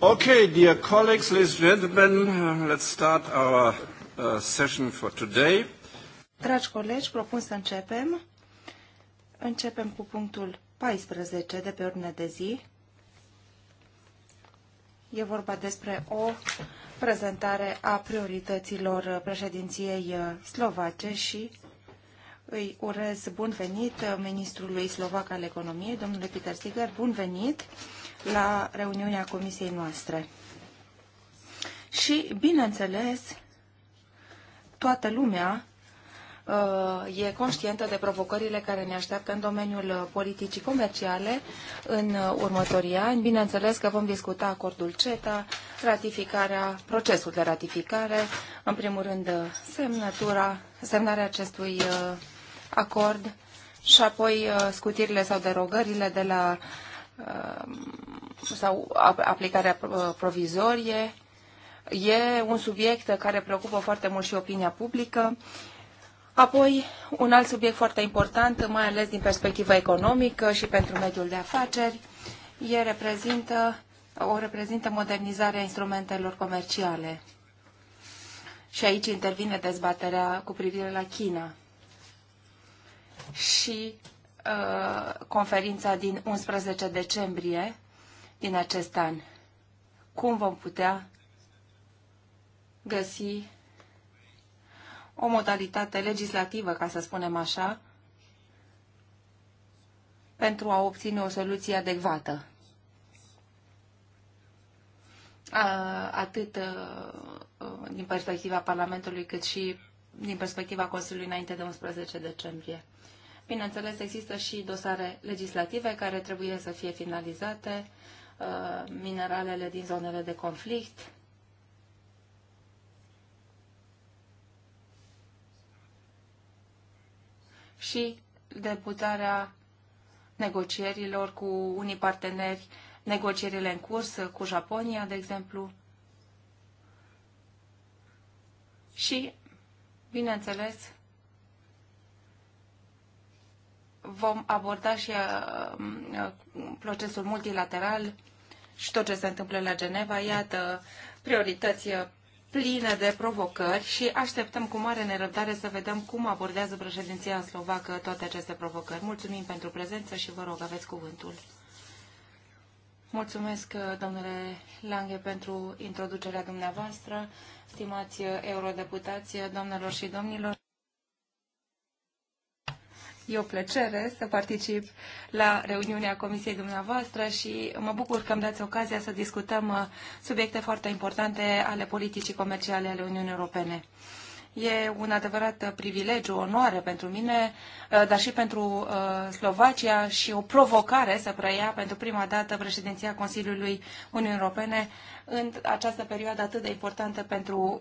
Okay, dear colleagues, ladies and gentlemen, let's start our uh, session for today. Dragi colegi, propun să începem. Începem cu punctul 14 de pe ordine de zi. E vorba despre o prezentare a priorităților președinției uh, slovace și îi urez bun venit uh, ministrului slovac al economiei, domnule Peter Sigur, bun venit! la reuniunea comisiei noastre. Și, bineînțeles, toată lumea uh, e conștientă de provocările care ne așteaptă în domeniul politicii comerciale în următorii ani. Bineînțeles că vom discuta acordul CETA, ratificarea, procesul de ratificare, în primul rând semnătura, semnarea acestui uh, acord și apoi uh, scutirile sau derogările de la Um, sau aplicarea provizorie. E un subiect care preocupă foarte mult și opinia publică. Apoi, un alt subiect foarte important, mai ales din perspectiva economică și pentru mediul de afaceri, e reprezintă, o reprezintă modernizarea instrumentelor comerciale. Și aici intervine dezbaterea cu privire la China și Uh, conferința din 11 decembrie din acest an. Cum vom putea găsi o modalitate legislativă, ca să spunem așa, pentru a obține o soluție adecvată. Atât uh, uh, din perspectiva Parlamentului, cât și din perspectiva Consiliului înainte de 11 decembrie. Bineînțeles, există și dosare legislative care trebuie să fie finalizate, uh, mineralele din zonele de conflict, și deputarea negocierilor cu unii parteneri, negocierile în curs cu Japonia, de exemplu. Și, bineînțeles, vom aborda și uh, uh, procesul multilateral și tot ce se întâmplă la Geneva. Iată, priorități uh, pline de provocări și așteptăm cu mare nerăbdare să vedem cum abordează președinția slovacă toate aceste provocări. Mulțumim pentru prezență și vă rog, aveți cuvântul. Mulțumesc, domnule Lange, pentru introducerea dumneavoastră, stimați eurodeputați, doamnelor și domnilor. E o plăcere să particip la reuniunea comisiei dumneavoastră și mă bucur că îmi dați ocazia să discutăm uh, subiecte foarte importante ale politicii comerciale ale Uniunii Europene. E un adevărat uh, privilegiu, onoare pentru mine, uh, dar și pentru uh, Slovacia și o provocare să preia pentru prima dată președinția Consiliului Uniunii Europene în această perioadă atât de importantă pentru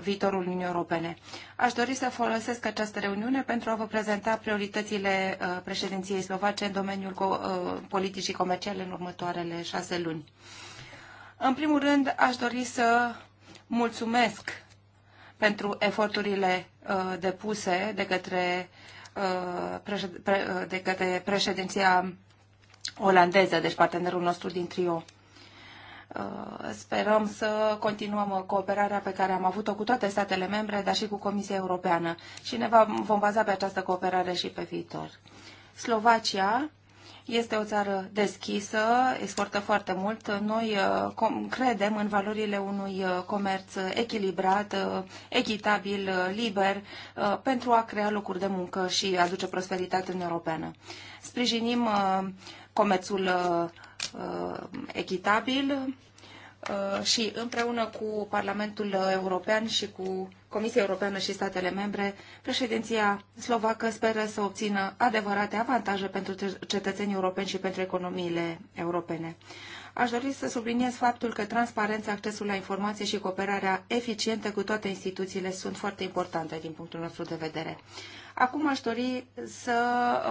viitorul Uniunii Europene. Aș dori să folosesc această reuniune pentru a vă prezenta prioritățile președinției slovace în domeniul politicii comerciale în următoarele șase luni. În primul rând, aș dori să mulțumesc pentru eforturile uh, depuse de către, uh, uh, de către președinția olandeză, deci partenerul nostru din trio. Sperăm să continuăm cooperarea pe care am avut-o cu toate statele membre, dar și cu Comisia Europeană și ne vom baza pe această cooperare și pe viitor. Slovacia este o țară deschisă, exportă foarte mult. Noi uh, credem în valorile unui uh, comerț echilibrat, uh, echitabil, liber, pentru a crea locuri de muncă și aduce prosperitate în europeană. Sprijinim comerțul echitabil și împreună cu Parlamentul European și cu Comisia Europeană și statele membre, președinția slovacă speră să obțină adevărate avantaje pentru cetățenii europeni și pentru economiile europene. Aș dori să subliniez faptul că transparența, accesul la informație și cooperarea eficientă cu toate instituțiile sunt foarte importante din punctul nostru de vedere. Acum aș dori să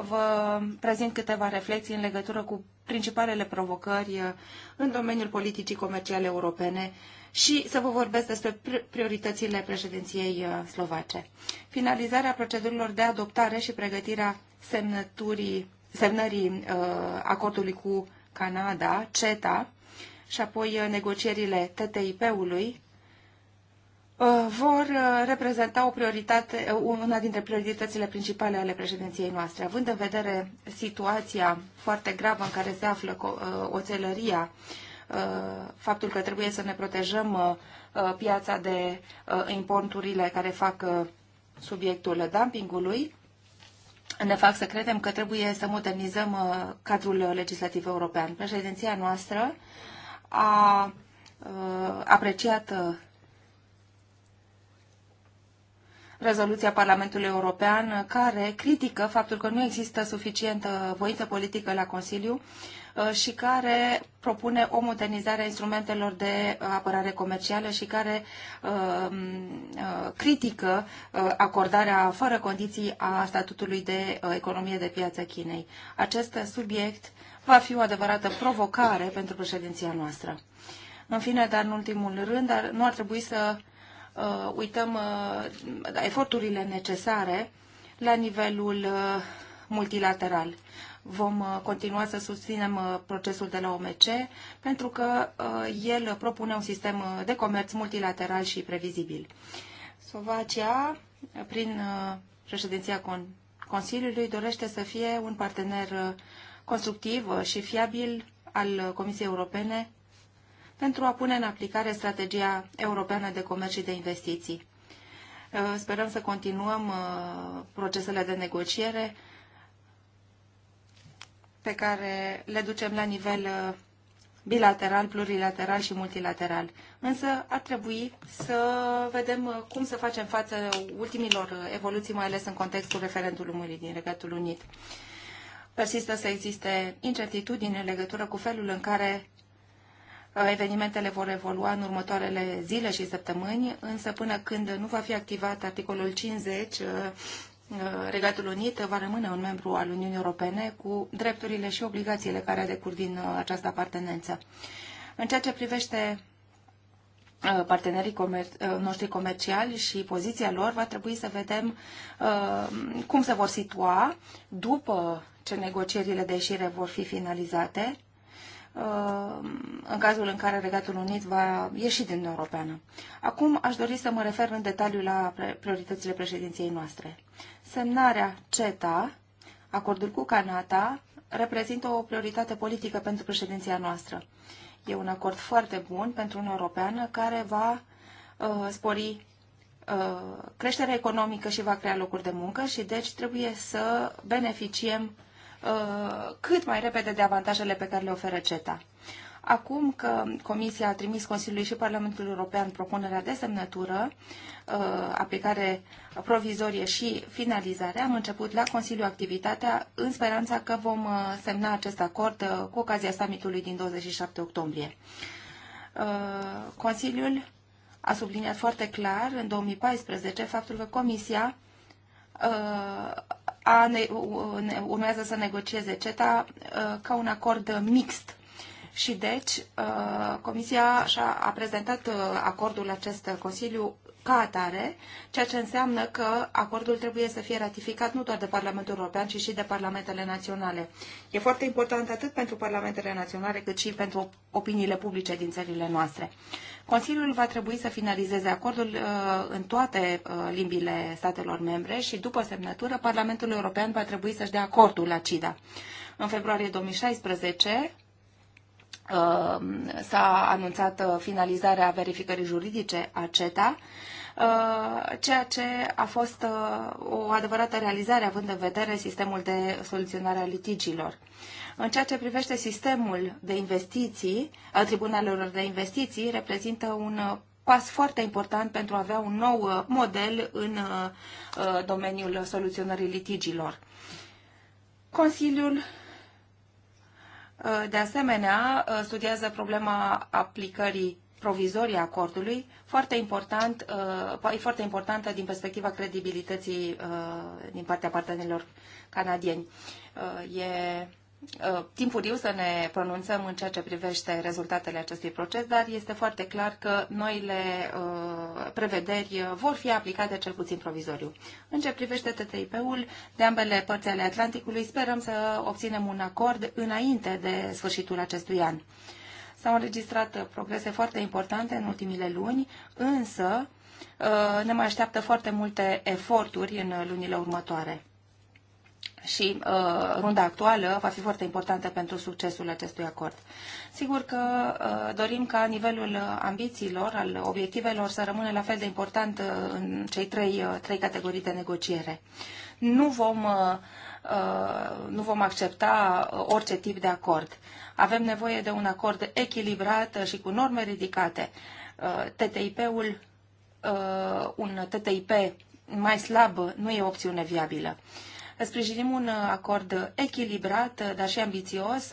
vă prezint câteva reflexii în legătură cu principalele provocări uh, în domeniul politicii comerciale europene și să vă vorbesc despre prioritățile președinției uh, slovace. Finalizarea procedurilor de adoptare și pregătirea semnăturii, semnării uh, acordului cu Canada, CETA, și apoi uh, negocierile TTIP-ului, vor reprezenta o prioritate, una dintre prioritățile principale ale președinției noastre. Având în vedere situația foarte gravă în care se află oțelăria Uh, faptul că trebuie să ne protejăm uh, uh, piața de importurile care fac subiectul dumpingului, ne fac să credem că trebuie să modernizăm cadrul legislativ european. Președinția noastră a apreciat rezoluția Parlamentului European care critică faptul că nu există suficientă voință politică la Consiliu uh, Uh, și care propune o modernizare a instrumentelor de apărare comercială și care um, uh, critică uh, acordarea fără condiții a statutului de economie de piață Chinei. Acest subiect va fi o adevărată provocare pentru președinția noastră. În fine, dar în ultimul rând, dar nu ar trebui să uh, uităm uh, eforturile necesare la nivelul uh, multilateral vom uh, continua să susținem uh, procesul de la OMC, pentru că uh, el propune un sistem de comerț multilateral și previzibil. Slovacia, prin președinția Consiliului, dorește să fie un partener constructiv și fiabil al Comisiei Europene pentru a pune în aplicare strategia europeană de comerț și de investiții. Sperăm să continuăm procesele de negociere pe care le ducem la nivel uh, bilateral, plurilateral și multilateral. Însă ar trebui să vedem uh, cum să facem față ultimilor uh, evoluții, mai ales în contextul referendumului din Regatul Unit. Persistă să existe incertitudini în legătură cu felul în care Evenimentele vor evolua în următoarele zile și săptămâni, însă până când nu va fi activat articolul 50 Uh, Regatul Unit va rămâne un membru al Uniunii Europene cu drepturile și obligațiile care decur din uh, această apartenență. În ceea ce privește uh, partenerii comer- noștri comerciali și poziția lor, va trebui să vedem cum se vor situa după ce negocierile de ieșire vor fi finalizate, în cazul în care Regatul Unit va ieși din Europeană. Acum aș dori să mă refer în detaliu la prioritățile președinției noastre. Semnarea CETA, acordul cu Canada, reprezintă o prioritate politică pentru președinția noastră. E un acord foarte bun pentru un european care va uh, spori uh, creșterea economică și va crea locuri de muncă și deci trebuie să beneficiem uh, cât mai repede de avantajele pe care le oferă CETA. Acum că Comisia a trimis Consiliului și Parlamentul European propunerea de semnătură, uh, aplicare provizorie și finalizare, am început la Consiliu activitatea în speranța că vom uh, semna acest acord uh, cu ocazia summitului din 27 octombrie. Consiliul a subliniat foarte clar în 2014 faptul că Comisia a ne, urmează să negocieze CETA ca un acord mixt și deci uh, Comisia și-a prezentat uh, acordul acest Consiliu ca atare, ceea ce înseamnă că acordul trebuie să fie ratificat nu doar de Parlamentul European, ci și de Parlamentele Naționale. E foarte important atât pentru Parlamentele Naționale, cât și pentru opiniile publice din țările noastre. Consiliul va trebui să finalizeze acordul uh, în toate uh, limbile statelor membre și, după semnătură, Parlamentul European va trebui să-și dea acordul la CIDA. În februarie 2016, Ehm, s-a anunțat uh, finalizarea verificării juridice a CETA, uh, ceea ce a fost uh, o adevărată realizare având în vedere sistemul de soluționare a litigiilor. În ceea ce privește sistemul de investiții, a tribunalelor de investiții, reprezintă un pas foarte important pentru a avea un nou model în domeniul soluționării litigiilor. Consiliul Uh, de asemenea, uh, studiază problema aplicării provizorii acordului, foarte important, uh, e foarte importantă din perspectiva credibilității din partea partenerilor canadieni. E Uh, timpuriu să ne pronunțăm în ceea ce privește rezultatele acestui proces, dar este foarte clar că noile uh, prevederi vor fi aplicate cel puțin provizoriu. În ce privește TTIP-ul, de ambele părți ale Atlanticului sperăm să obținem un acord înainte de sfârșitul acestui an. S-au înregistrat progrese foarte importante în ultimile luni, însă uh, ne mai așteaptă foarte multe eforturi în lunile următoare și uh, runda actuală va fi foarte importantă pentru succesul acestui acord. Sigur că uh, dorim ca nivelul uh, ambițiilor, al obiectivelor, să rămână la fel de important uh, în cei trei, uh, trei categorii de negociere. Nu vom, uh, uh, nu vom accepta uh, orice tip de acord. Avem nevoie de un acord echilibrat uh, și cu norme ridicate. Uh, TTIP-ul, uh, un TTIP mai slab, nu e o opțiune viabilă. Uh, sprijinim un acord echilibrat, dar și ambițios,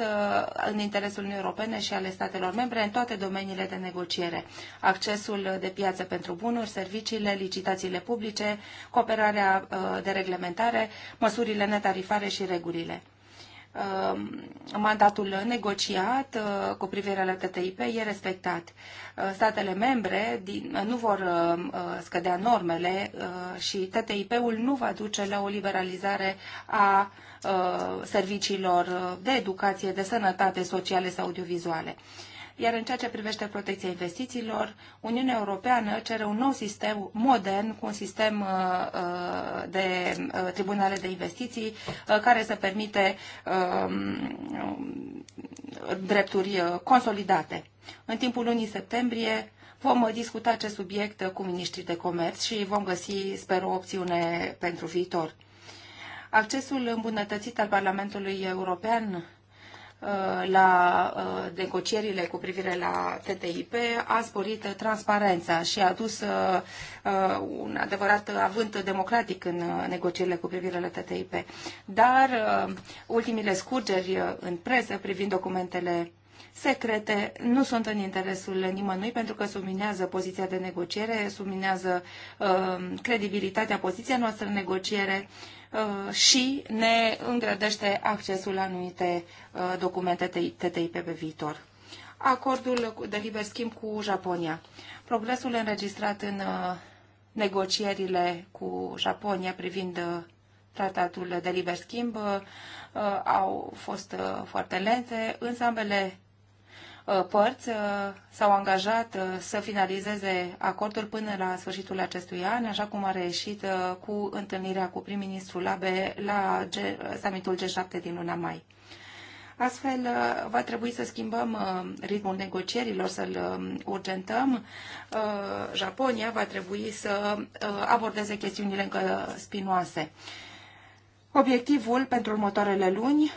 în interesul Uniunii Europene și ale statelor membre în toate domeniile de negociere. Accesul de piață pentru bunuri, serviciile, licitațiile publice, cooperarea uh, de reglementare, măsurile netarifare și regulile. Uh, mandatul negociat uh, cu privire la TTIP e respectat. Uh, statele membre nu vor scădea normele și TTIP-ul nu va duce la o liberalizare a serviciilor de educație, de sănătate, sociale sau audiovizuale iar în ceea ce privește protecția investițiilor, Uniunea Europeană cere un nou sistem modern cu un sistem uh, uh, de uh, tribunale de investiții care să permite um, drepturi consolidate. În timpul lunii septembrie, Vom discuta acest subiect cu ministrii de comerț și vom găsi, sper, o opțiune pentru viitor. Accesul îmbunătățit al Parlamentului European Uh, la uh, negocierile cu privire la TTIP a sporit transparența și a adus uh, un adevărat avânt democratic în negocierile cu privire la TTIP. Dar ultimile scurgeri în presă privind documentele secrete nu sunt în interesul nimănui pentru că subminează poziția de negociere, subminează credibilitatea poziției noastre în negociere Uh, și ne îngrădește accesul la anumite uh, documente TTIP pe viitor. Acordul de liber schimb cu Japonia. Progresul înregistrat în uh, negocierile cu Japonia privind tratatul de liber schimb au fost foarte lente, însă ambele Uh, părți uh, s-au angajat uh, să finalizeze acordul până la sfârșitul acestui an, așa cum a reieșit cu întâlnirea cu prim-ministrul Abe la summitul G7 din luna mai. Astfel, va trebui să schimbăm ritmul negocierilor, să-l um, urgentăm. Japonia va trebui să abordeze chestiunile încă spinoase. Obiectivul pentru următoarele luni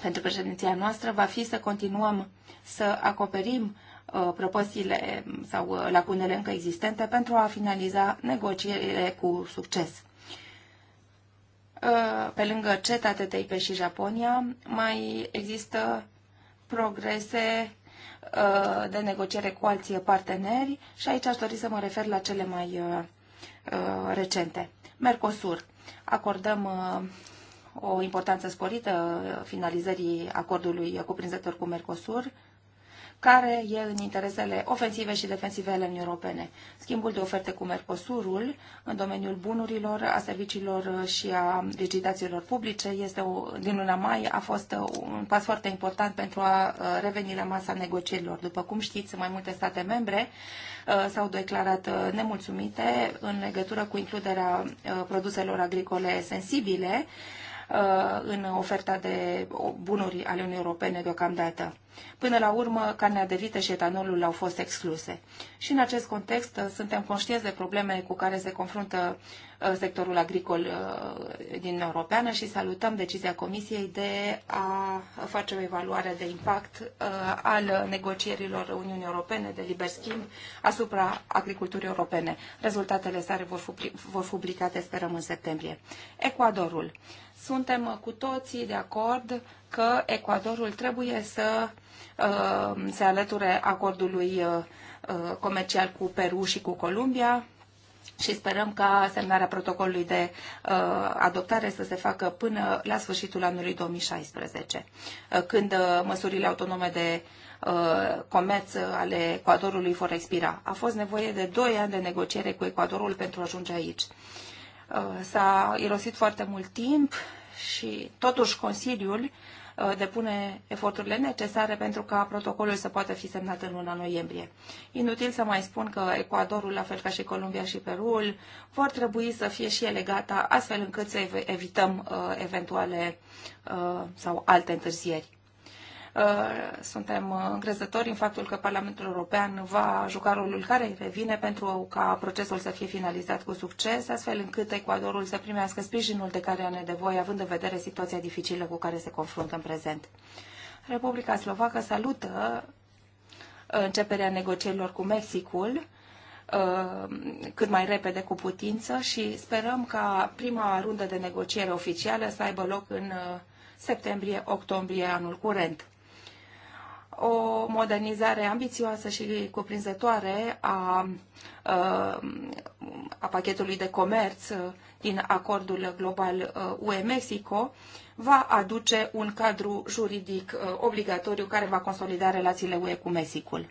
pentru președinția noastră va fi să continuăm să acoperim uh, propostiile mm, sau uh, lacunele încă existente pentru a finaliza negocierile cu succes. Uh, pe lângă CETA, TTIP și Japonia, mai există progrese de negociere cu alții parteneri și aici aș dori să mă refer la cele mai recente. Mercosur. Acordăm o importanță sporită finalizării acordului cuprinzător cu Mercosur, care e în interesele ofensive și defensive ale Uniunii Europene. Schimbul de oferte cu Mercosurul în domeniul bunurilor, a serviciilor și a licitațiilor publice este o, din luna mai a fost un pas foarte important pentru a uh, reveni la masa negocierilor. După cum știți, mai multe state membre uh, s-au declarat uh, nemulțumite în legătură cu includerea produselor agricole sensibile Uh, în oferta de bunuri ale Uniunii Europene deocamdată. Până la urmă, carnea de vită și etanolul au fost excluse. Și în acest context uh, suntem conștienți de probleme cu care se confruntă uh, sectorul agricol din Europeană și salutăm decizia Comisiei de a face o evaluare de impact al negocierilor Uniunii Europene de liber schimb asupra agriculturii europene. Rezultatele sale vor fi publicate, sperăm, în septembrie. Ecuadorul. Suntem cu toții de acord că Ecuadorul trebuie să uh, se alăture acordului uh, uh, comercial cu Peru și cu Columbia și sperăm ca semnarea protocolului de adoptare să se facă până la sfârșitul anului 2016, când măsurile autonome de comerț ale Ecuadorului vor expira. A fost nevoie de 2 ani de negociere cu Ecuadorul pentru a ajunge aici. Uh, s-a irosit foarte mult timp și totuși Consiliul uh, depune eforturile necesare pentru ca protocolul să poată fi semnat în luna noiembrie. Inutil să mai spun că Ecuadorul, la fel ca și Columbia și Perul, vor trebui să fie și ele gata, astfel încât să evităm uh, eventuale uh, sau alte întârzieri. Uh, suntem uh, încrezători în faptul că Parlamentul European va juca rolul care îi revine pentru ca procesul să fie finalizat cu succes, astfel încât Ecuadorul să primească sprijinul de care are nevoie, având în vedere situația dificilă cu care se confruntă în prezent. Republica Slovacă salută uh, începerea negocierilor cu Mexicul cât mai repede cu putință și sperăm ca prima rundă de negociere oficială să aibă loc în septembrie-octombrie anul curent o modernizare ambițioasă și cuprinzătoare a, a pachetului de comerț uh, din acordul global uh, UE-Mexico va aduce un cadru juridic uh, obligatoriu care va consolida relațiile UE cu Mexicul.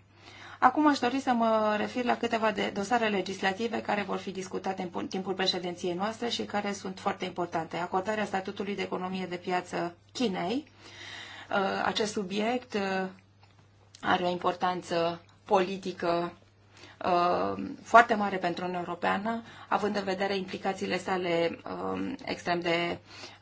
Acum aș dori să mă refer la câteva de dosare legislative care vor fi discutate în timpul președinției noastre și care sunt foarte importante. Acordarea statutului de economie de piață Chinei, acest subiect are o importanță politică uh, foarte mare pentru Uniunea Europeană, având în vedere implicațiile sale um, extrem de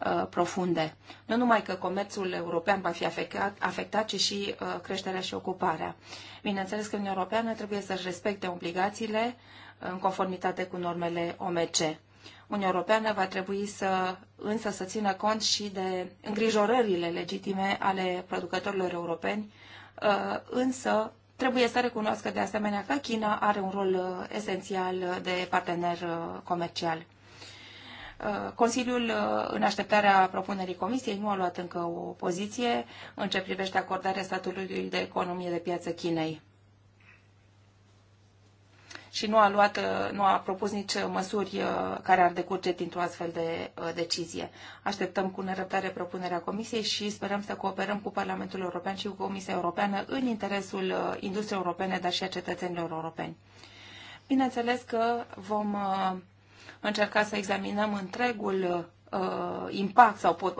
uh, profunde. Nu numai că comerțul european va fi afectat, afectat ci și uh, creșterea și ocuparea. Bineînțeles că Uniunea Europeană trebuie să-și respecte obligațiile în conformitate cu normele OMC. Uniunea Europeană va trebui să însă să țină cont și de îngrijorările legitime ale producătorilor europeni Uh, însă trebuie să recunoască de asemenea că China are un rol uh, esențial de partener uh, comercial. Consiliul, în așteptarea propunerii Comisiei, nu a luat încă o poziție în ce privește acordarea statului de economie de piață Chinei și nu a, luat, uh, nu a propus nici uh, măsuri uh, care ar decurge dintr-o astfel de decizie. Așteptăm cu nerăbdare propunerea Comisiei și sperăm să cooperăm cu Parlamentul European și cu Comisia Europeană în interesul industriei europene, dar și a cetățenilor europeni. Bineînțeles că vom încerca să examinăm întregul impact sau pot,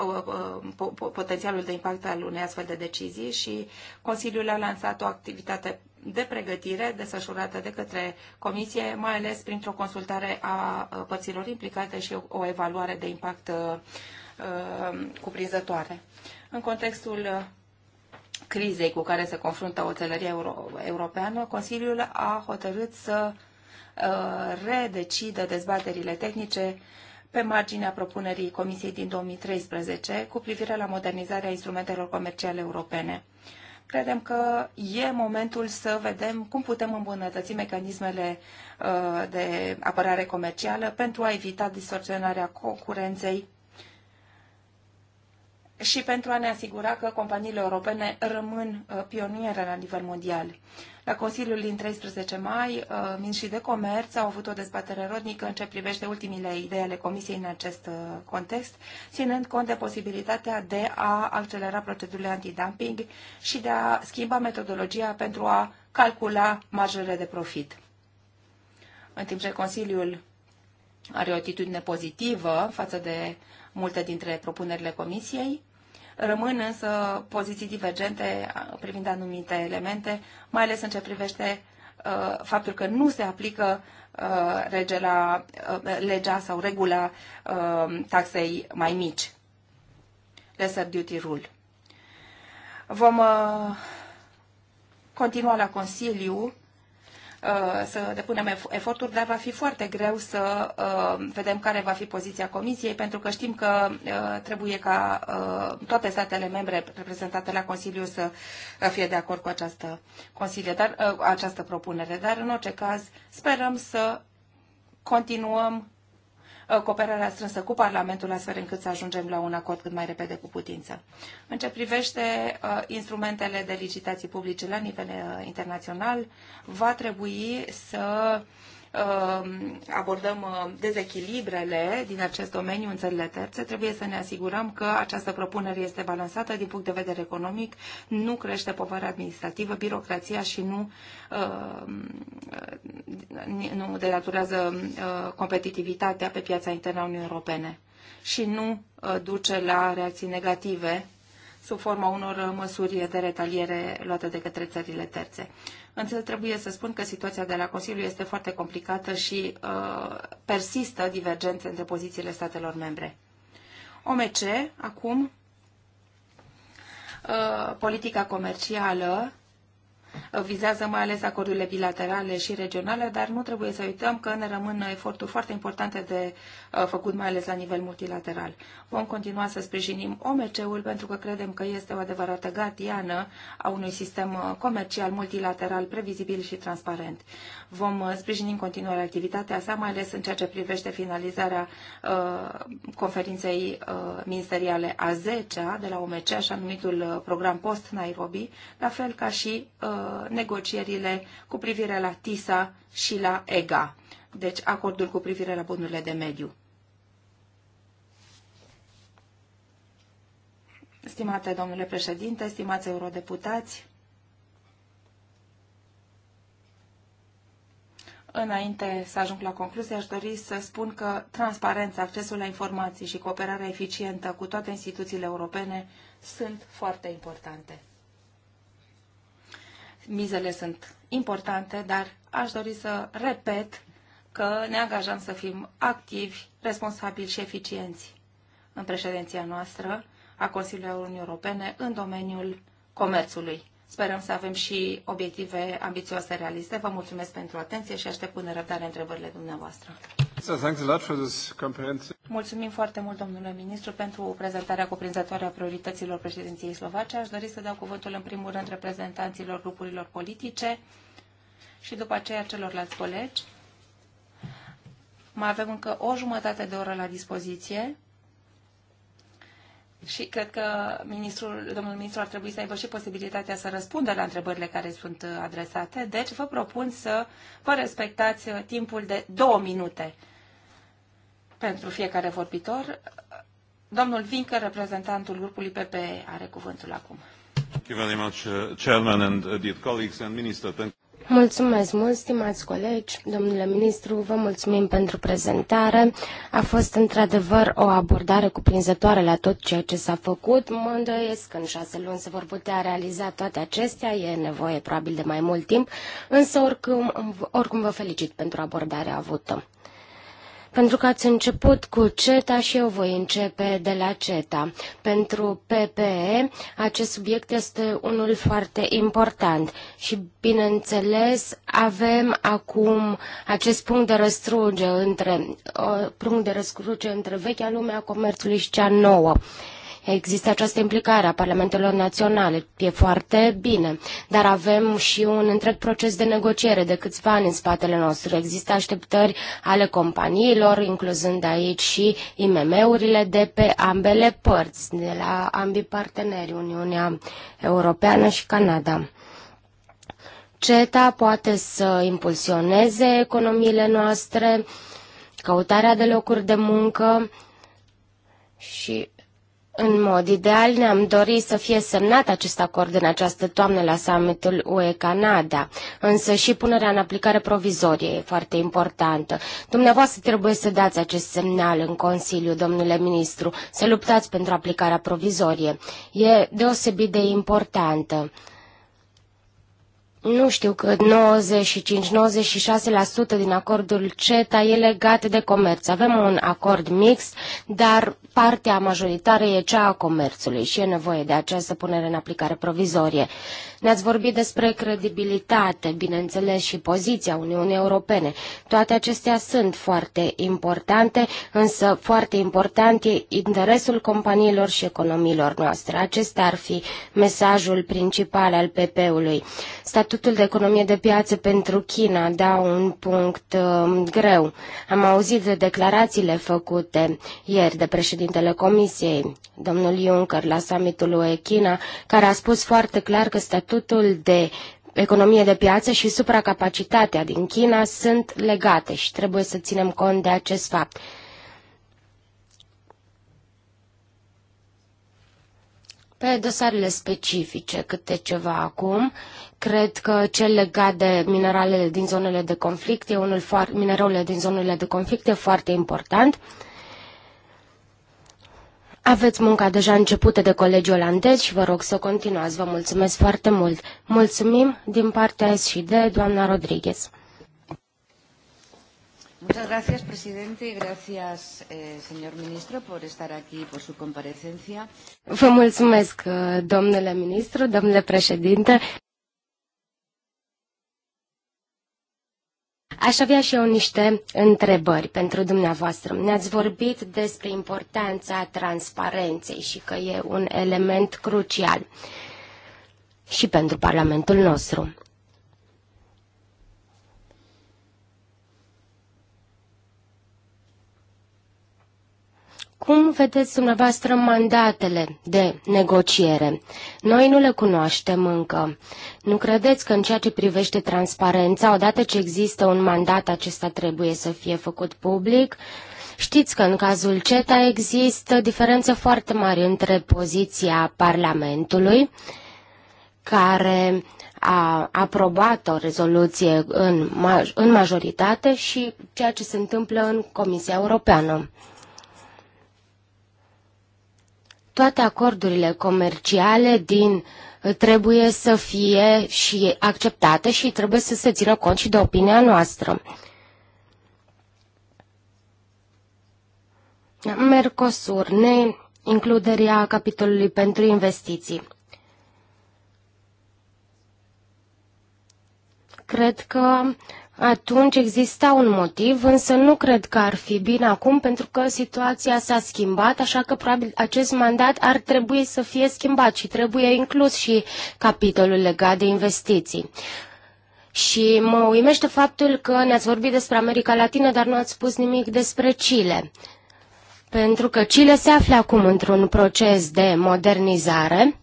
potențialul de impact al unei astfel de decizii și Consiliul a lansat o activitate de pregătire desfășurată de către comisie, mai ales printr-o consultare a părților implicate și o evaluare de impact uh, uh, cuprinzătoare. În contextul uh, crizei cu care se confruntă oțelăria euro- europeană, Consiliul a hotărât să redecidă dezbaterile tehnice pe marginea propunerii Comisiei din 2013 cu privire la modernizarea instrumentelor comerciale europene. Credem că e momentul să vedem cum putem îmbunătăți mecanismele uh, de apărare comercială pentru a evita distorsionarea concurenței și pentru a ne asigura că companiile europene rămân uh, pioniere la nivel mondial. La Consiliul din 13 mai, uh, minșii de Comerț au avut o dezbatere rodnică în ce privește ultimile idei ale Comisiei în acest uh, context, ținând cont de posibilitatea de a accelera procedurile antidumping și de a schimba metodologia pentru a calcula marjele de profit. În timp ce Consiliul are o atitudine pozitivă față de multe dintre propunerile Comisiei, Rămân însă poziții divergente privind anumite elemente, mai ales în ce privește faptul că nu se aplică regela, legea sau regula taxei mai mici, lesser duty rule. Vom continua la Consiliu Uh, să depunem eforturi, dar va fi foarte greu să uh, vedem care va fi poziția Comisiei, pentru că știm că uh, trebuie ca toate statele membre reprezentate la Consiliu să fie de acord cu această, consilie, dar, această propunere. Dar, în orice caz, sperăm să continuăm Uh, cooperarea strânsă cu Parlamentul, astfel încât să ajungem la un acord cât mai repede cu putință. În ce privește uh, instrumentele de licitații publice la nivel uh, internațional, va trebui să Um, abordăm uh, dezechilibrele din acest domeniu în țările terțe, trebuie să ne asigurăm că această propunere este balansată din punct de vedere economic, nu crește povara administrativă, birocrația și nu, um, uh, nu deraturează uh, competitivitatea pe piața internă a Uniunii Europene și nu duce la reacții negative sub forma unor măsuri de retaliere luate de către țările terțe. Însă trebuie să spun că situația de la Consiliu este foarte complicată și uh, persistă divergențe între pozițiile statelor membre. OMC, acum, uh, politica comercială vizează mai ales acordurile bilaterale și regionale, dar nu trebuie să uităm că ne rămân eforturi foarte importante de uh, făcut, mai ales la nivel multilateral. Vom continua să sprijinim OMC-ul pentru că credem că este o adevărată gardiană a unui sistem uh, comercial multilateral previzibil și transparent. Vom uh, sprijini în continuare activitatea sa, mai ales în ceea ce privește finalizarea conferinței ministeriale a 10-a de la OMC, așa numitul program post-Nairobi, la fel ca și Uh, negocierile cu privire la TISA și la EGA, deci acordul cu privire la bunurile de mediu. Stimate domnule președinte, stimați eurodeputați, înainte să ajung la concluzie, aș dori să spun că transparența, accesul la informații și cooperarea eficientă cu toate instituțiile europene sunt foarte importante. Mizele sunt importante, dar aș dori să repet că ne angajăm să fim activi, responsabili și eficienți în președinția noastră a Consiliului Uniunii Europene în domeniul comerțului. Sperăm să avem și obiective ambițioase realiste. Vă mulțumesc pentru atenție și aștept cu nerăbdare întrebările dumneavoastră. Mulțumim foarte mult, domnule ministru, pentru prezentarea cuprinzătoare a priorităților președinției slovace. Aș dori să dau cuvântul în primul rând reprezentanților grupurilor politice și după aceea celorlalți colegi. Mai avem încă o jumătate de oră la dispoziție și cred că ministrul, domnul ministru ar trebui să aibă și posibilitatea să răspundă la întrebările care sunt adresate. Deci vă propun să vă respectați timpul de două minute pentru fiecare vorbitor. Domnul Vincă, reprezentantul grupului PPE, are cuvântul acum. Uh, uh, Mulțumesc mult, stimați colegi, domnule ministru, vă mulțumim pentru prezentare. A fost într-adevăr o abordare cuprinzătoare la tot ceea ce s-a făcut. Mă îndoiesc că în șase luni se vor putea realiza toate acestea, e nevoie probabil de mai mult timp, însă oricum, oricum vă felicit pentru abordarea avută. Pentru că ați început cu CETA și eu voi începe de la CETA. Pentru PPE, acest subiect este unul foarte important și, bineînțeles, avem acum acest punct de răstruge între, punct de răstruge între vechea lumea comerțului și cea nouă. Uh, Există această implicare a parlamentelor naționale, e foarte bine, dar avem și un întreg proces de negociere de câțiva ani în spatele nostru. Există așteptări ale companiilor, incluzând aici și IMM-urile de pe ambele părți, de la ambii parteneri, Uniunea Europeană și Canada. CETA poate să impulsioneze economiile noastre, căutarea de locuri de muncă și în mod ideal, ne-am dorit să fie semnat acest acord în această toamnă la summitul UE-Canada, însă și punerea în aplicare provizorie e foarte importantă. Dumneavoastră trebuie să dați acest semnal în Consiliu, domnule ministru, să luptați pentru aplicarea provizorie. E deosebit de importantă nu știu cât, 95-96% din acordul CETA e legat de comerț. Avem un acord mix, dar partea majoritară e cea a comerțului și e nevoie de această punere în aplicare provizorie. Ne-ați vorbit despre credibilitate, bineînțeles, și poziția Uniunii Europene. Toate acestea sunt foarte importante, însă foarte important e interesul companiilor și economiilor noastre. Acesta ar fi mesajul principal al PP-ului. Statul Statutul de economie de piață pentru China, da, un punct uh, greu. Am auzit de declarațiile făcute ieri de președintele Comisiei, domnul Juncker, la summitul UE China, care a spus foarte clar că statutul de economie de piață și supracapacitatea din China sunt legate și trebuie să ținem cont de acest fapt. Pe dosarele specifice, câte ceva acum, cred că cel legat de mineralele din zonele de conflict e unul foarte, mineralele din zonele de conflict e foarte important. Aveți munca deja începută de colegii olandezi și vă rog să continuați. Vă mulțumesc foarte mult. Mulțumim din partea S și doamna Rodriguez. Muchas gracias, presidente, y gracias, eh, señor ministro, por estar aquí, por su comparecencia. Vă mulțumesc, eh, domnule ministru, domnule președinte. Aș avea și eu niște întrebări pentru dumneavoastră. Ne-ați vorbit despre importanța transparenței și că e un element crucial și pentru Parlamentul nostru. Cum vedeți dumneavoastră mandatele de negociere? Noi nu le cunoaștem încă. Nu credeți că în ceea ce privește transparența, odată ce există un mandat, acesta trebuie să fie făcut public? Știți că în cazul CETA există diferențe foarte mari între poziția Parlamentului, care a aprobat o rezoluție în, în majoritate și ceea ce se întâmplă în Comisia Europeană. Toate acordurile comerciale din uh, trebuie să fie și acceptate și trebuie să se țină cont și de opinia noastră. Mercosur, ne includerea capitolului pentru investiții. Cred că atunci exista un motiv, însă nu cred că ar fi bine acum pentru că situația s-a schimbat, așa că probabil acest mandat ar trebui să fie schimbat și trebuie inclus și capitolul legat de investiții. Și mă uimește faptul că ne-ați vorbit despre America Latină, dar nu ați spus nimic despre Chile. Pentru că Chile se află acum într-un proces de modernizare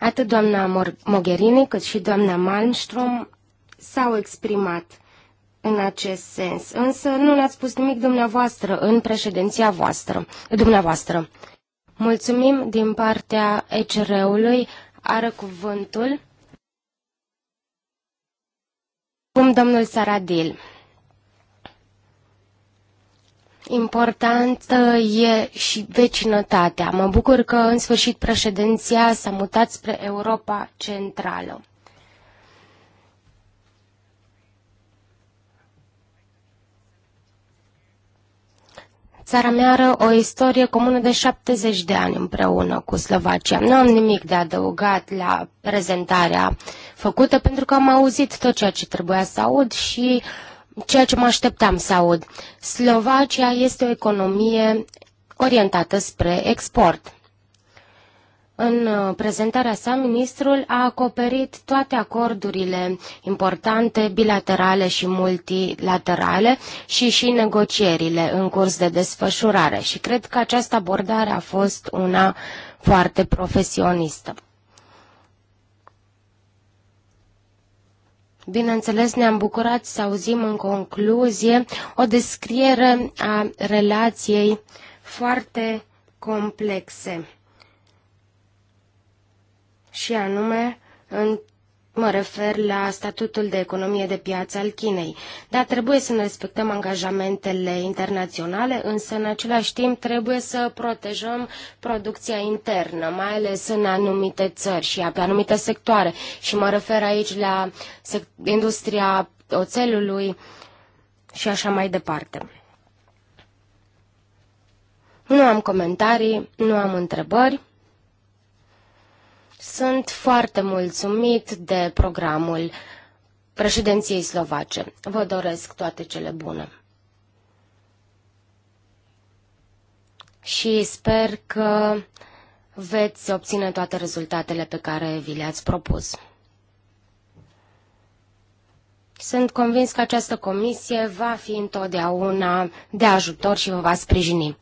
Atât doamna Mogherini cât și doamna Malmström s-au exprimat în acest sens, însă nu ne-ați spus nimic dumneavoastră în președinția voastră, dumneavoastră. Mulțumim din partea ECR-ului, are cuvântul. Cum domnul Saradil. Importantă e și vecinătatea. Mă bucur că în sfârșit președinția s-a mutat spre Europa Centrală. Țara mea are o istorie comună de 70 de ani împreună cu Slovacia. Nu am nimic de adăugat la prezentarea făcută pentru că am auzit tot ceea ce trebuia să aud și uh, ceea ce mă așteptam să aud. Slovacia este o economie orientată spre export. În uh, prezentarea sa, ministrul a acoperit toate acordurile importante, bilaterale și multilaterale și și negocierile în curs de desfășurare și cred că această abordare a fost una foarte profesionistă. Bineînțeles, ne-am bucurat să auzim în concluzie o descriere a relației foarte complexe și anume Mă refer la statutul de economie de piață al Chinei. Da, trebuie să ne respectăm angajamentele internaționale, însă în același timp trebuie să protejăm producția internă, mai ales în anumite țări și pe anumite sectoare. Și mă refer aici la industria oțelului și așa mai departe. Nu am comentarii, nu am întrebări. Sunt foarte mulțumit de programul președinției slovace. Vă doresc toate cele bune. Și sper că veți obține toate rezultatele pe care vi le-ați propus. Sunt convins că această comisie va fi întotdeauna de ajutor și vă va sprijini.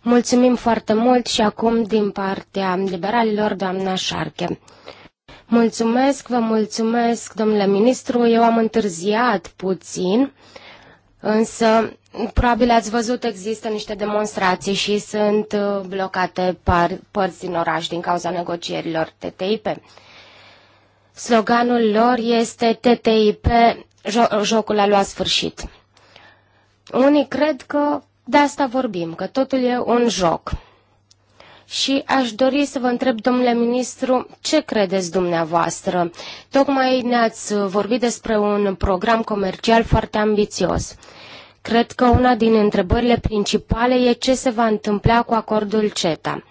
Mulțumim foarte mult și acum din partea liberalilor, doamna Șarche. Mulțumesc, vă mulțumesc, domnule ministru. Eu am întârziat puțin, însă probabil ați văzut există niște demonstrații și sunt uh, blocate par, părți din oraș din cauza negocierilor TTIP. Sloganul lor este TTIP, jo- jocul a luat sfârșit. Unii cred că de asta vorbim, că totul e un joc. Și aș dori să vă întreb, domnule ministru, ce credeți dumneavoastră? Tocmai ne-ați vorbit despre un program comercial foarte ambițios. Cred că una din întrebările principale e ce se va întâmpla cu acordul CETA.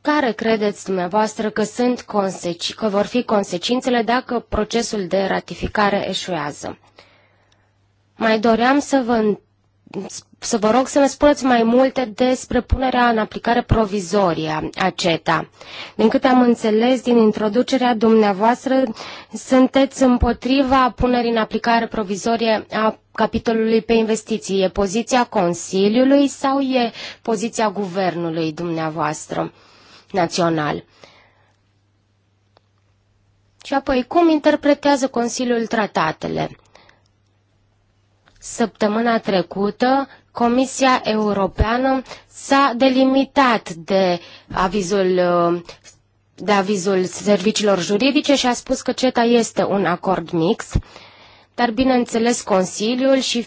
Care credeți dumneavoastră că, sunt conseci- că vor fi consecințele dacă procesul de ratificare eșuează? Mai doream să vă să vă rog să ne spuneți mai multe despre punerea în aplicare provizorie a CETA. Din câte am înțeles din introducerea dumneavoastră, sunteți împotriva punerii în aplicare provizorie a capitolului pe investiții. E poziția Consiliului sau e poziția Guvernului dumneavoastră național? Și apoi, cum interpretează Consiliul tratatele? Săptămâna trecută, Comisia Europeană s-a delimitat de avizul de avizul serviciilor juridice și a spus că CETA este un acord mix, dar bineînțeles Consiliul și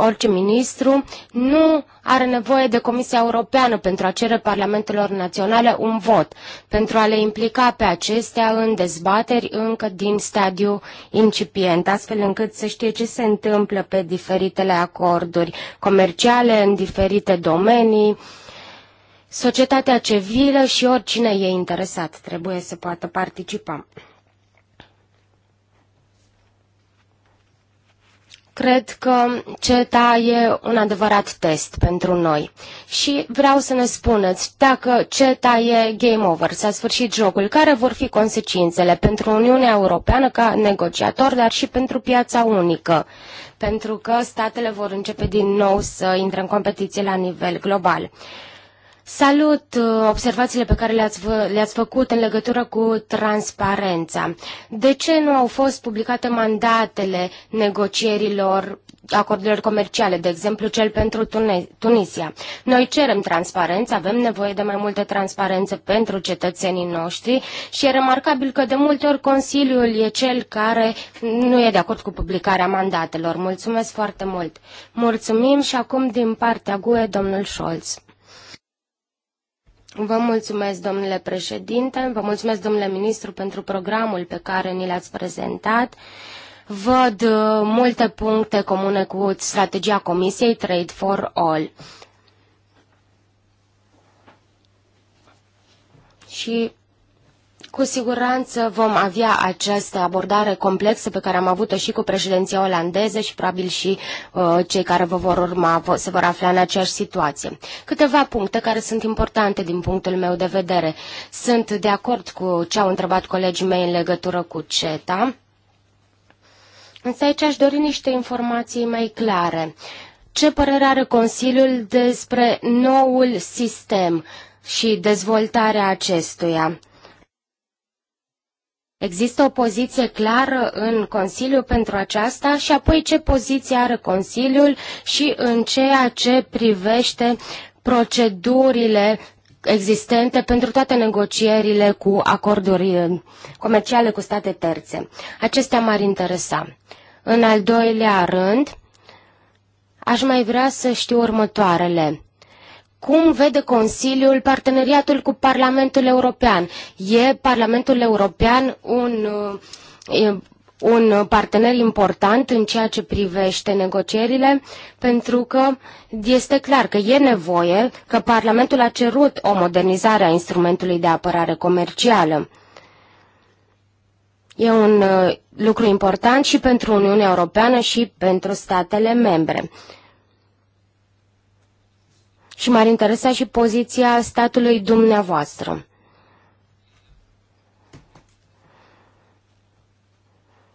Orice ministru nu are nevoie de Comisia Europeană pentru a cere parlamentelor naționale un vot, pentru a le implica pe acestea în dezbateri încă din stadiu incipient, astfel încât să știe ce se întâmplă pe diferitele acorduri comerciale în diferite domenii. Societatea civilă și oricine e interesat trebuie să poată participa. Cred că CETA e un adevărat test pentru noi. Și vreau să ne spuneți dacă CETA e game over, s-a sfârșit jocul, care vor fi consecințele pentru Uniunea Europeană ca negociator, dar și pentru piața unică? Pentru că statele vor începe din nou să intre în competiție la nivel global. Salut uh, observațiile pe care le-ați, le făcut în legătură cu transparența. De ce nu au fost publicate mandatele negocierilor acordurilor comerciale, de exemplu cel pentru Tunisia? Noi cerem transparență, avem nevoie de mai multă transparență pentru cetățenii noștri și e remarcabil că de multe ori Consiliul e cel care nu e de acord cu publicarea mandatelor. Mulțumesc foarte mult! Mulțumim și acum din partea GUE, domnul Scholz. Vă mulțumesc, domnule președinte, vă mulțumesc, domnule ministru, pentru programul pe care ni l-ați prezentat. Văd uh, multe puncte comune cu strategia Comisiei Trade for All. Și cu siguranță vom avea această abordare complexă pe care am avut-o și cu președinția olandeză și probabil și uh, cei care vă vor urma se vor afla în aceeași situație. Câteva puncte care sunt importante din punctul meu de vedere. Sunt de acord cu ce au întrebat colegii mei în legătură cu CETA, însă aici aș dori niște informații mai clare. Ce părere are Consiliul despre noul sistem și dezvoltarea acestuia? Există o poziție clară în Consiliu pentru aceasta și apoi ce poziție are Consiliul și în ceea ce privește procedurile existente pentru toate negocierile cu acorduri eh, comerciale cu state terțe. Acestea m-ar interesa. În al doilea rând, aș mai vrea să știu următoarele cum vede Consiliul parteneriatul cu Parlamentul European? E Parlamentul European un, uh, un partener important în ceea ce privește negocierile? Pentru că este clar că e nevoie, că Parlamentul a cerut o modernizare a instrumentului de apărare comercială. E un uh, lucru important și pentru Uniunea Europeană și pentru statele membre și m-ar interesa și poziția statului dumneavoastră.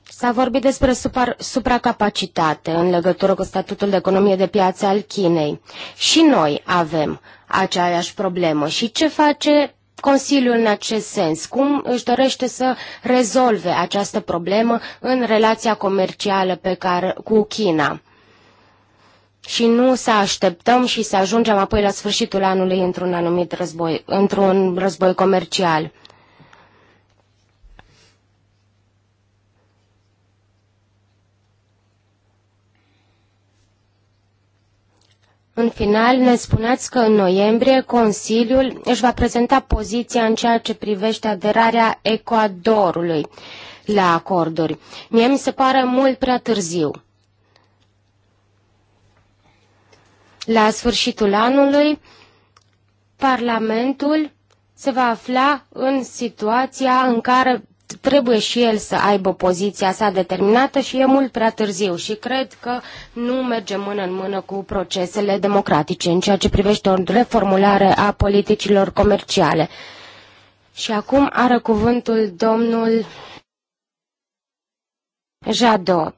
S-a vorbit despre supracapacitate în legătură cu statutul de economie de piață al Chinei. Și noi avem aceeași problemă. Și ce face Consiliul în acest sens? Cum își dorește să rezolve această problemă în relația comercială pe care, cu China? și nu să așteptăm și să ajungem apoi la sfârșitul anului într-un anumit război, într-un război comercial. În final, ne spuneați că în noiembrie Consiliul își va prezenta poziția în ceea ce privește aderarea Ecuadorului la acorduri. Mie mi se pare mult prea târziu. La sfârșitul anului, Parlamentul se va afla în situația în care trebuie și el să aibă poziția sa determinată și e mult prea târziu și cred că nu merge mână în mână cu procesele democratice în ceea ce privește o reformulare a politicilor comerciale. Și acum are cuvântul domnul Jadot.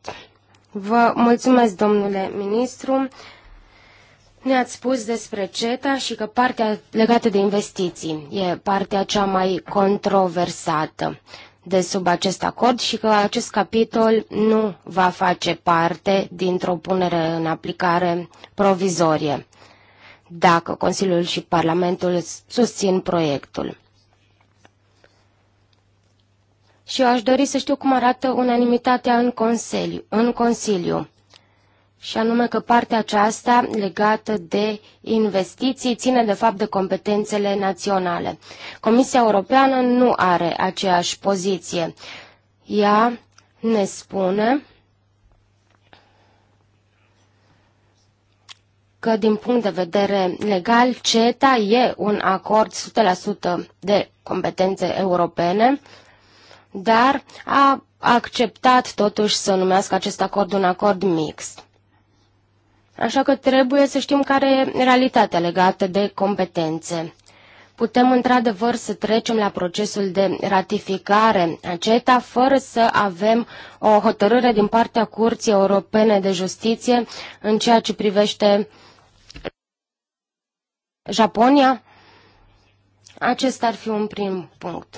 Vă mulțumesc, domnule ministru. Ne-ați spus despre CETA și că partea legată de investiții e partea cea mai controversată de sub acest acord și că acest capitol nu va face parte dintr-o punere în aplicare provizorie, dacă Consiliul și Parlamentul susțin proiectul. Și eu aș dori să știu cum arată unanimitatea în Consiliu. În consiliu și anume că partea aceasta legată de investiții ține de fapt de competențele naționale. Comisia Europeană nu are aceeași poziție. Ea ne spune că din punct de vedere legal CETA e un acord 100% de competențe europene, dar a acceptat totuși să numească acest acord un acord mixt. Așa că trebuie să știm care e realitatea legată de competențe. Putem într-adevăr să trecem la procesul de ratificare a CETA fără să avem o hotărâre din partea Curții Europene de Justiție în ceea ce privește Japonia? Acesta ar fi un prim punct.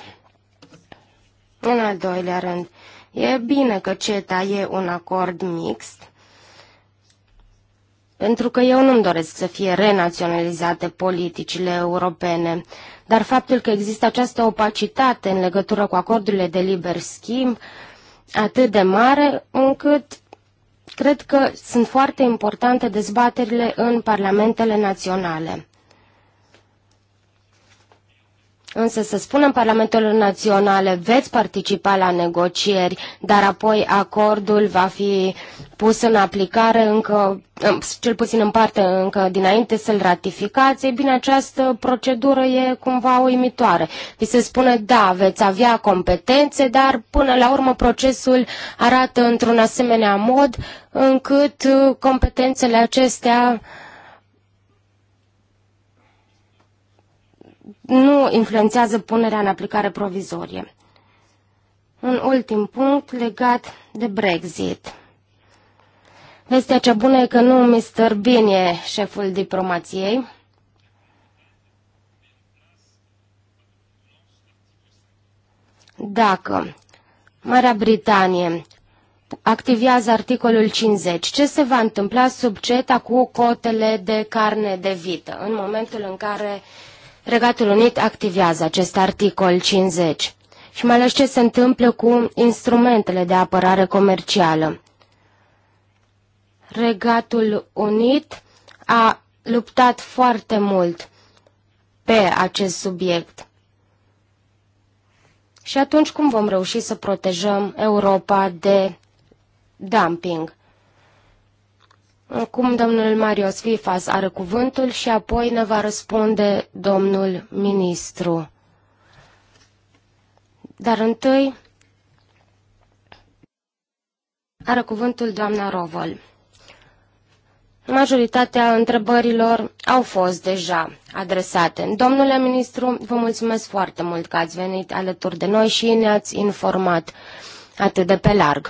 În al doilea rând, e bine că CETA e un acord mixt, pentru că eu nu-mi doresc să fie renaționalizate politicile europene, dar faptul că există această opacitate în legătură cu acordurile de liber schimb atât de mare încât cred că sunt foarte importante dezbaterile în parlamentele naționale. Însă să spunem Parlamentelor Naționale, veți participa la negocieri, dar apoi acordul va fi pus în aplicare încă, cel puțin în parte, încă dinainte să-l ratificați, e bine, această procedură e cumva uimitoare. Vi se spune, da, veți avea competențe, dar până la urmă procesul arată într-un asemenea mod încât competențele acestea uh, nu influențează punerea în aplicare provizorie. Un ultim punct legat de Brexit. Vestea cea bună e că nu Mr. Bean e șeful diplomației. Dacă Marea Britanie activează articolul 50. Ce se va întâmpla sub CETA cu cotele de carne de vită în momentul în care uh, Regatul Unit activează acest articol 50 și mai ales ce se întâmplă cu instrumentele de apărare comercială. Regatul Unit a luptat foarte mult pe acest subiect. Și atunci cum vom reuși să protejăm Europa de dumping? Cum domnul Marius Vifas are cuvântul și apoi ne va răspunde domnul ministru. Dar întâi are cuvântul doamna Rovol. Majoritatea întrebărilor au fost deja adresate. Domnule ministru, vă mulțumesc foarte mult că ați venit alături de noi și ne-ați informat atât de pe larg.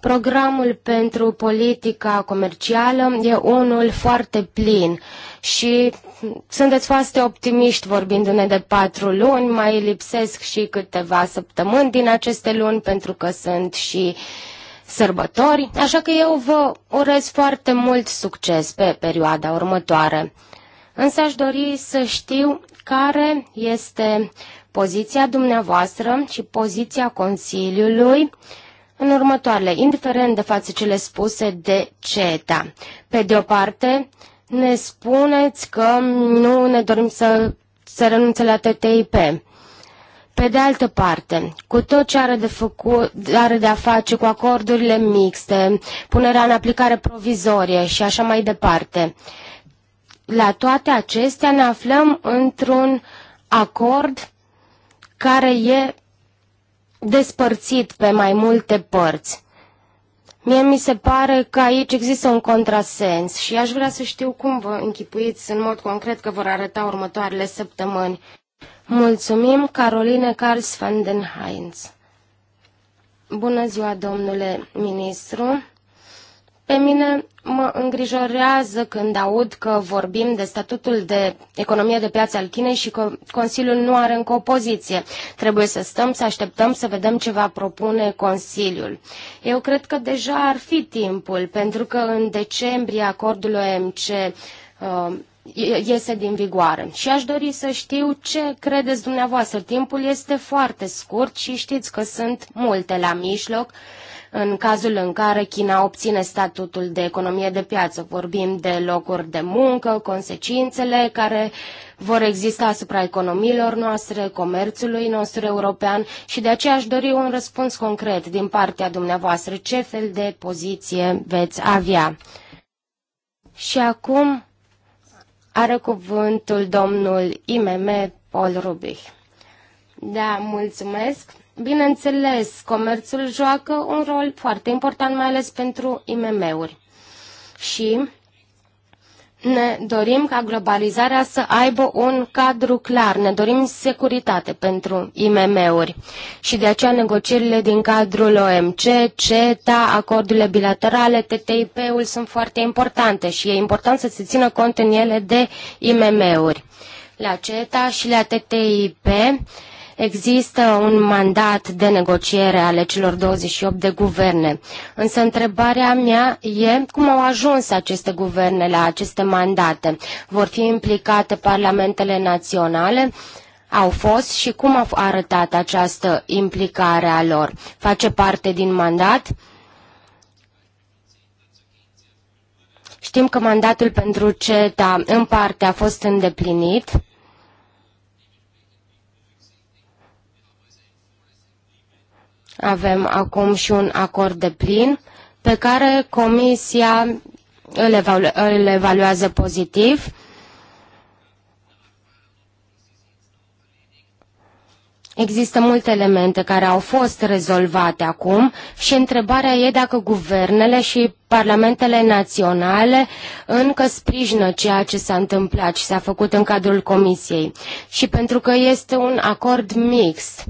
Programul pentru politica comercială e unul foarte plin și sunteți foarte optimiști vorbindu-ne de patru luni, mai lipsesc și câteva săptămâni din aceste luni pentru că sunt și sărbători, așa că eu vă urez foarte mult succes pe perioada următoare. Însă aș dori să știu care este poziția dumneavoastră și poziția Consiliului în următoarele, indiferent de față cele spuse de CETA. Pe de o parte, ne spuneți că nu ne dorim să, să renunțe la TTIP. Pe de altă parte, cu tot ce are de, făcut, are de a face cu acordurile mixte, punerea în aplicare provizorie și așa mai departe, la toate acestea ne aflăm într-un acord care e despărțit pe mai multe părți. Mie mi se pare că aici există un contrasens și aș vrea să știu cum vă închipuiți în mod concret că vor arăta următoarele săptămâni. Mulțumim, Caroline Karls van den Heinz. Bună ziua, domnule ministru. Pe mine mă îngrijorează când aud că vorbim de statutul de economie de piață al Chinei și că Consiliul nu are încă o poziție. Trebuie să stăm, să așteptăm, să vedem ce va propune Consiliul. Eu cred că deja ar fi timpul, pentru că în decembrie acordul OMC uh, iese din vigoare. Și aș dori să știu ce credeți dumneavoastră. Timpul este foarte scurt și știți că sunt multe la mijloc în cazul în care China obține statutul de economie de piață. Vorbim de locuri de muncă, consecințele care vor exista asupra economiilor noastre, comerțului nostru european și de aceea aș dori un răspuns concret din partea dumneavoastră. Ce fel de poziție veți avea? Și acum are cuvântul domnul IMM Paul Rubich. Da, mulțumesc. Bineînțeles, comerțul joacă un rol foarte important, mai ales pentru IMM-uri. Și ne dorim ca globalizarea să aibă un cadru clar, ne dorim securitate pentru IMM-uri și de aceea negocierile din cadrul OMC, CETA, acordurile bilaterale, TTIP-ul sunt foarte importante și e important să se țină cont în ele de IMM-uri. La CETA și la TTIP Există un mandat de negociere ale celor 28 de guverne, însă întrebarea mea e cum au ajuns aceste guverne la aceste mandate. Vor fi implicate parlamentele naționale? Au fost și cum a arătat această implicare a lor? Face parte din mandat? Știm că mandatul pentru CETA în parte a fost îndeplinit. Avem acum și un acord de plin pe care Comisia îl, evalu- îl evaluează pozitiv. Există multe elemente care au fost rezolvate acum și întrebarea e dacă guvernele și parlamentele naționale încă sprijină ceea ce s-a întâmplat și s-a făcut în cadrul comisiei. Și pentru că este un acord mixt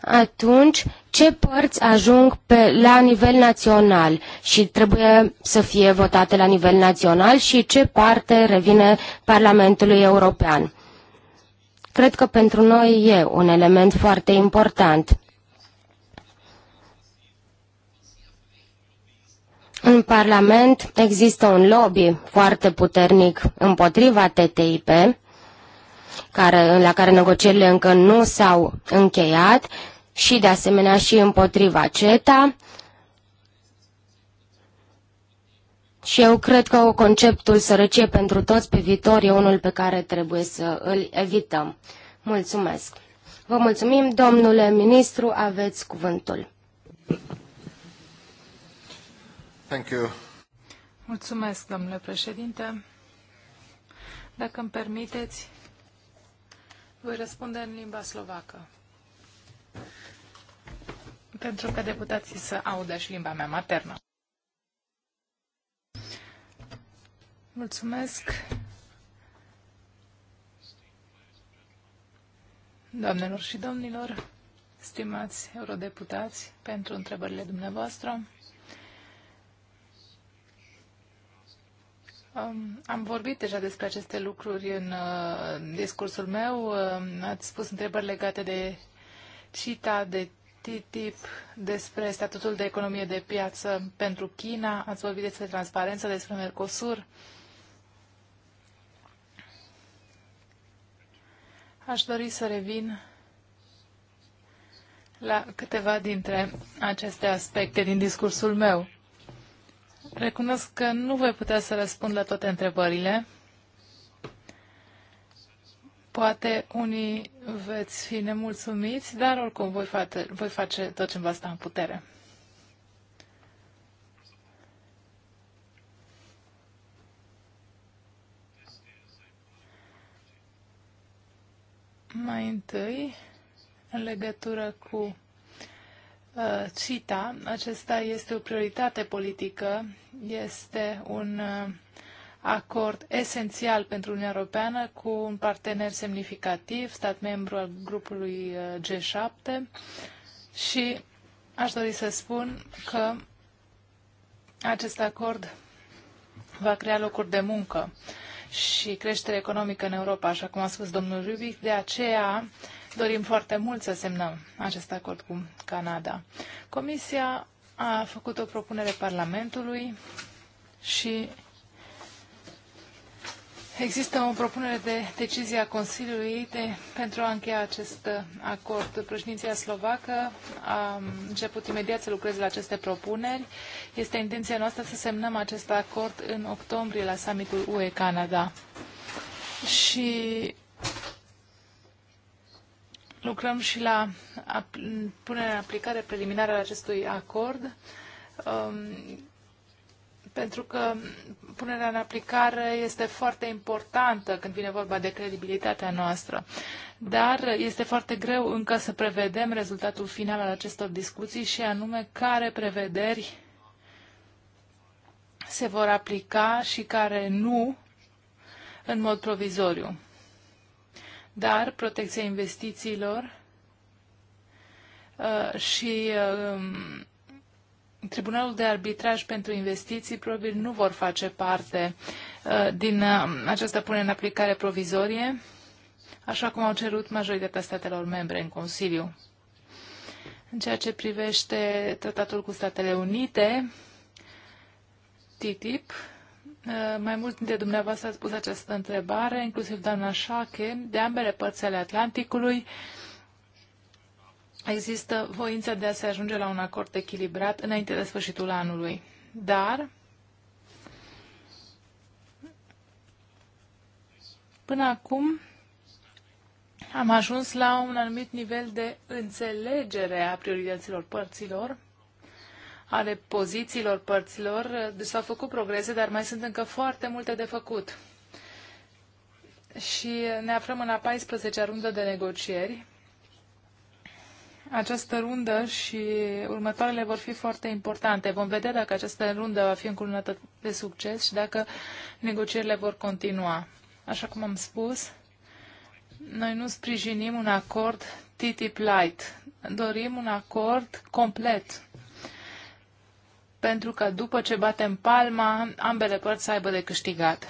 atunci ce părți ajung pe, la nivel național și trebuie să fie votate la nivel național și ce parte revine Parlamentului European. Cred că pentru noi e un element foarte important. În Parlament există un lobby foarte puternic împotriva TTIP, care, la care negocierile încă nu s-au încheiat și de asemenea și împotriva CETA. Și eu cred că conceptul sărăcie pentru toți pe viitor e unul pe care trebuie să îl evităm. Mulțumesc! Vă mulțumim, domnule ministru, aveți cuvântul. Thank you. Mulțumesc, domnule președinte. Dacă îmi permiteți, voi răspunde în limba slovacă. Pentru că deputații să audă și limba mea maternă. Mulțumesc. Doamnelor și domnilor, stimați eurodeputați, pentru întrebările dumneavoastră. am vorbit deja despre aceste lucruri în uh, discursul meu. Uh, ați spus întrebări legate de CITA, de TTIP, despre statutul de economie de piață pentru China, ați vorbit despre transparență, despre Mercosur. Aș dori să revin la câteva dintre aceste aspecte din discursul meu. Recunosc că nu voi putea să răspund la toate întrebările. Poate unii veți fi nemulțumiți, dar oricum voi face, voi face tot ce va sta în putere. Mai întâi, în legătură cu Uh, CITA. Acesta este o prioritate politică, este un uh, acord esențial pentru Uniunea Europeană cu un partener semnificativ, stat membru al grupului uh, G7 și aș dori să spun că acest acord va crea locuri de muncă și creștere economică în Europa, așa cum a spus domnul Rubic. De aceea dorim foarte mult să semnăm acest acord cu Canada. Comisia a făcut o propunere Parlamentului și Există o propunere de decizie a Consiliului de, pentru a încheia acest uh, acord. Președinția slovacă a început imediat să lucreze la aceste propuneri. Este intenția noastră să semnăm acest acord în octombrie la summitul UE-Canada. Și lucrăm și la punerea în aplicare preliminară a acestui acord. Um, pentru că punerea în aplicare este foarte importantă când vine vorba de credibilitatea noastră. Dar este foarte greu încă să prevedem rezultatul final al acestor discuții și anume care prevederi se vor aplica și care nu în mod provizoriu. Dar protecția investițiilor uh, și um, Tribunalul de arbitraj pentru investiții probabil nu vor face parte uh, din uh, această punere în aplicare provizorie, așa cum au cerut majoritatea statelor membre în Consiliu. În ceea ce privește tratatul cu Statele Unite, TTIP, uh, mai mult dintre dumneavoastră ați pus această întrebare, inclusiv doamna Șache, de ambele părți ale Atlanticului există voința de a se ajunge la un acord echilibrat înainte de sfârșitul anului. Dar, până acum, am ajuns la un anumit nivel de înțelegere a priorităților părților, ale pozițiilor părților. Deci s-au făcut progrese, dar mai sunt încă foarte multe de făcut. Și ne aflăm în a 14-a rundă de negocieri această rundă și următoarele vor fi foarte importante. Vom vedea dacă această rundă va fi încununată de succes și dacă negocierile vor continua. Așa cum am spus, noi nu sprijinim un acord TTIP light. Dorim un acord complet. Pentru că după ce batem palma, ambele părți să aibă de câștigat.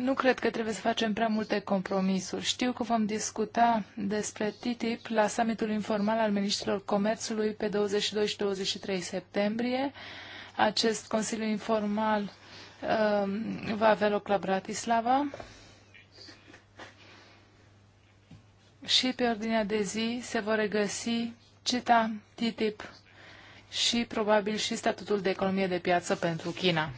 Nu cred că trebuie să facem prea multe compromisuri. Știu că vom discuta despre TTIP la summitul informal al ministrilor comerțului pe 22 și 23 septembrie. Acest consiliu informal uh, va avea loc la Bratislava. Și pe ordinea de zi se vor regăsi CETA, TTIP și probabil și statutul de economie de piață pentru China.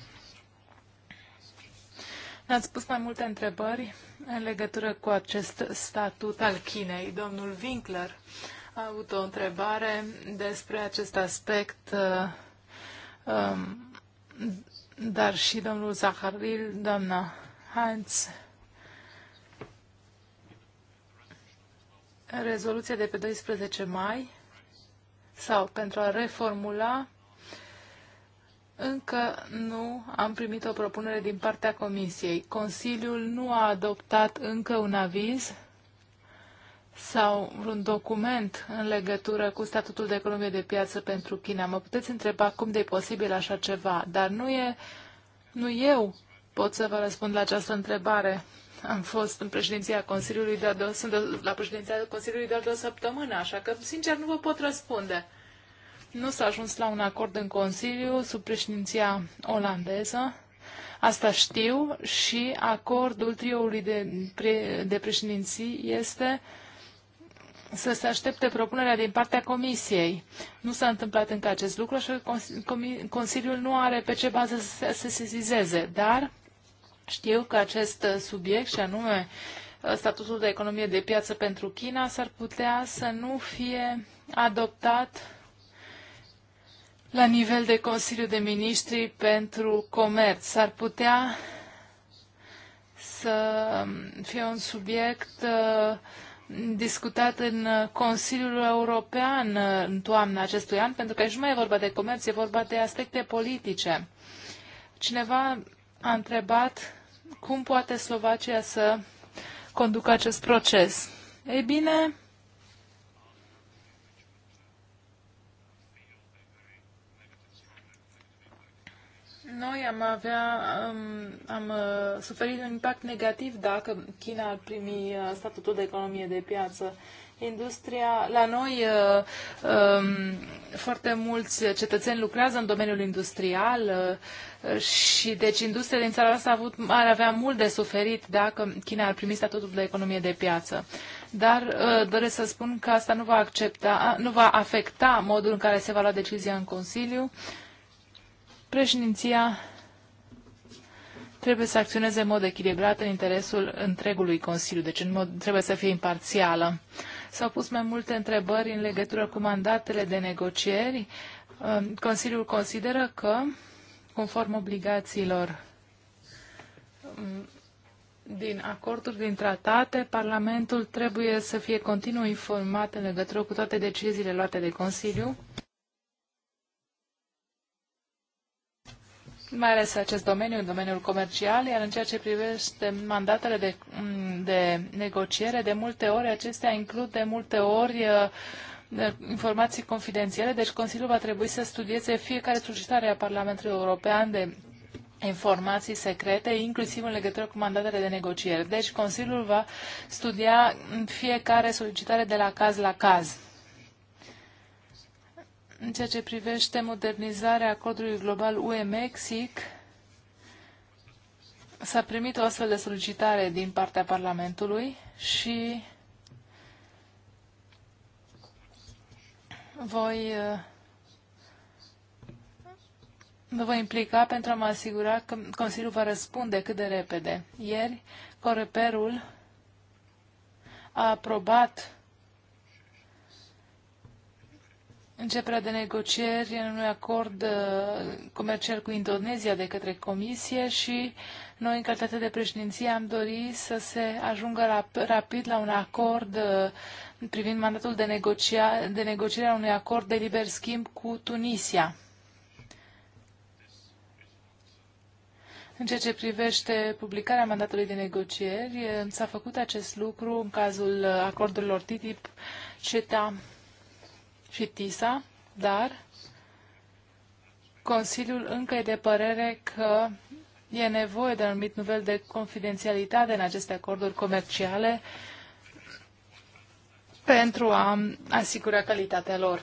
Ați pus mai multe întrebări în legătură cu acest statut al Chinei. Domnul Winkler a avut o întrebare despre acest aspect, uh, um, dar și domnul Zaharil, doamna Hans. Rezoluția de pe 12 mai sau pentru a reformula încă nu am primit o propunere din partea Comisiei. Consiliul nu a adoptat încă un aviz sau un document în legătură cu statutul de economie de piață pentru China. Mă puteți întreba cum de posibil așa ceva, dar nu e, nu eu pot să vă răspund la această întrebare. Am fost în președinția Consiliului doar de o, sunt la președinția Consiliului doar de o săptămână, așa că, sincer, nu vă pot răspunde. Nu s-a ajuns la un acord în Consiliu sub președinția olandeză. Asta știu și acordul trioului de, pre, de președinții este să se aștepte propunerea din partea Comisiei. Nu s-a întâmplat încă acest lucru, așa că Consiliul nu are pe ce bază să se sesizeze, dar știu că acest subiect, și anume uh, statutul de economie de piață pentru China, s-ar putea să nu fie adoptat la nivel de Consiliu de Ministri pentru Comerț. S-ar putea să fie un subiect uh, discutat în Consiliul European în toamna acestui an, pentru că aici nu mai e vorba de comerț, e vorba de aspecte politice. Cineva a întrebat cum poate Slovacia să conducă acest proces. Ei bine, noi am avea, am, uh, suferit un impact negativ dacă China ar primi uh, statutul de economie de piață. Industria, la noi uh, um, foarte mulți cetățeni lucrează în domeniul industrial uh, și deci industria din țara asta a avut, ar avea mult de suferit dacă China ar primi statutul de economie de piață dar doresc să spun că asta nu va, accepta, nu va afecta modul în care se va lua decizia în Consiliu Președinția trebuie să acționeze în mod echilibrat în interesul întregului Consiliu, deci în mod, trebuie să fie imparțială. S-au pus mai multe întrebări în legătură cu mandatele de negocieri. Consiliul consideră că, conform obligațiilor mm, din acorduri, din tratate, Parlamentul trebuie să fie continuu informat în legătură cu toate deciziile luate de Consiliu mai ales acest domeniu, în domeniul comercial, iar în ceea ce privește mandatele de, de negociere, de multe ori acestea includ de multe ori uh, informații confidențiale, deci Consiliul va trebui să studieze fiecare solicitare a Parlamentului European de informații secrete, inclusiv în legătură cu mandatele de negociere. Deci Consiliul va studia fiecare solicitare de la caz la caz în ceea ce privește modernizarea codului global UE-Mexic, s-a primit o astfel de solicitare din partea Parlamentului și voi Vă uh, voi implica pentru a mă asigura că Consiliul va răspunde cât de repede. Ieri, Coreperul a aprobat începerea de negocieri în unui acord uh, comercial cu Indonezia de către Comisie și noi, în calitate de președinție, am dorit să se ajungă rap rapid la un acord uh, privind mandatul de, negocia, de negociere a unui acord de liber schimb cu Tunisia. În ceea ce privește publicarea mandatului de negocieri, uh, s-a făcut acest lucru în cazul acordurilor TTIP, CETA, și TISA, dar Consiliul încă e de părere că e nevoie de un anumit nivel de confidențialitate în aceste acorduri comerciale pentru a asigura calitatea lor.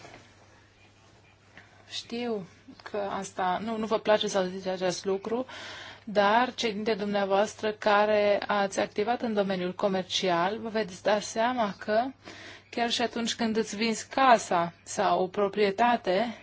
Știu că asta nu, nu vă place să auziți acest lucru, dar cei dintre dumneavoastră care ați activat în domeniul comercial vă veți da seama că uh, Chiar și atunci când îți vinzi casa sau o proprietate,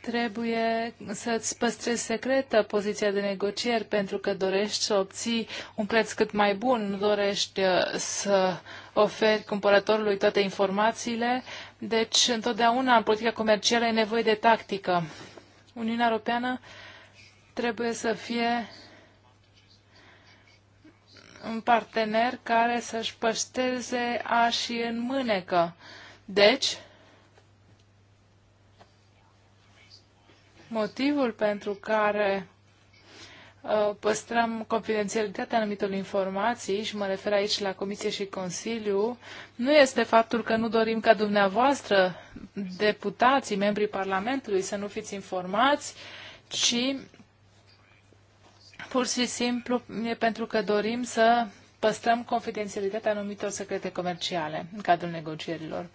trebuie să-ți păstrezi secretă poziția de negocieri pentru că dorești să obții un preț cât mai bun, nu dorești uh, să oferi cumpărătorului toate informațiile, deci întotdeauna în politica comercială e nevoie de tactică. Uniunea Europeană trebuie să fie un partener care să-și a și în mânecă. Deci, motivul pentru care uh, păstrăm confidențialitatea anumitor informații și mă refer aici la Comisie și Consiliu, nu este faptul că nu dorim ca dumneavoastră, deputații, membrii Parlamentului, să nu fiți informați, ci Pur și simplu e pentru că dorim să păstrăm confidențialitatea anumitor secrete comerciale în cadrul negocierilor.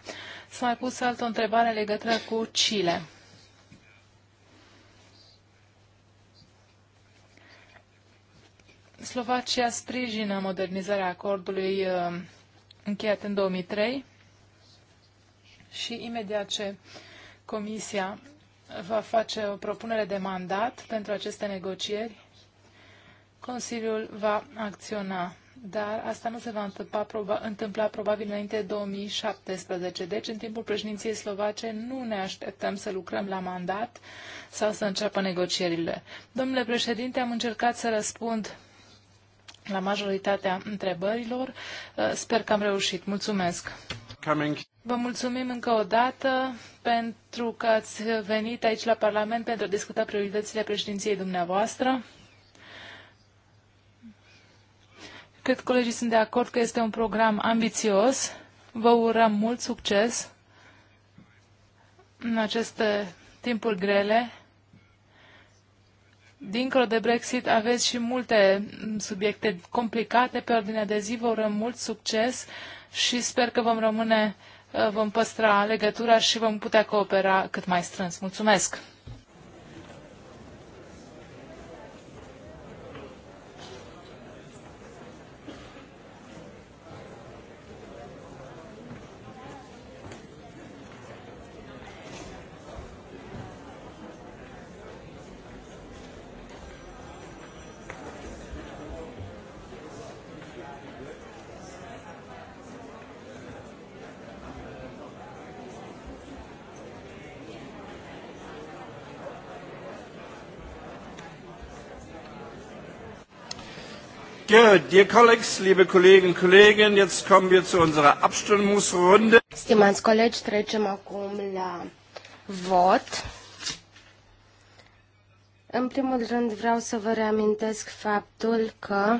S-a mai pus altă întrebare în legătură cu Chile. Slovacia sprijină modernizarea acordului uh, încheiat în 2003 și imediat ce Comisia va face o propunere de mandat pentru aceste negocieri, Consiliul va acționa, dar asta nu se va întâmpla, proba, întâmpla probabil înainte de 2017. Deci, în timpul președinției slovace, nu ne așteptăm să lucrăm la mandat sau să înceapă negocierile. Domnule președinte, am încercat să răspund la majoritatea întrebărilor. Uh, sper că am reușit. Mulțumesc! Coming. Vă mulțumim încă o dată pentru că ați venit aici la Parlament pentru a discuta prioritățile președinției dumneavoastră. Cred că colegii sunt de acord că este un program ambițios. Vă urăm mult succes în aceste timpuri grele. Dincolo de Brexit aveți și multe subiecte complicate pe ordinea de zi. Vă urăm mult succes și sper că vom rămâne, uh, vom păstra legătura și vom putea coopera cât mai strâns. Mulțumesc! Good, dear colleagues, liebe Kolleginnen und Kollegen, jetzt kommen wir zu unserer Abstimmungsrunde. Stimați colegi, trecem acum la vot. În primul rând vreau să vă reamintesc faptul că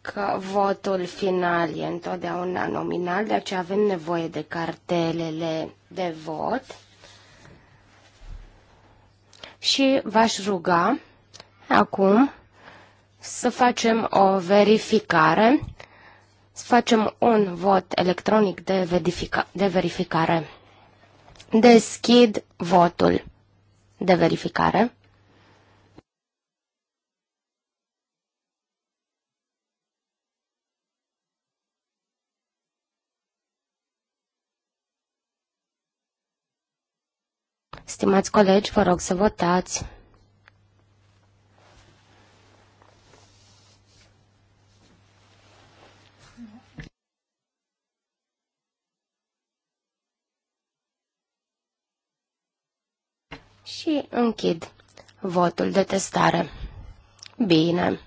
că votul final e întotdeauna nominal, de aceea avem nevoie de cartelele de vot. Și v-aș ruga acum să facem o verificare, să facem un vot electronic de, verifica de verificare. Deschid votul de verificare. Stimați colegi, vă rog să votați. și închid votul de testare. Bine.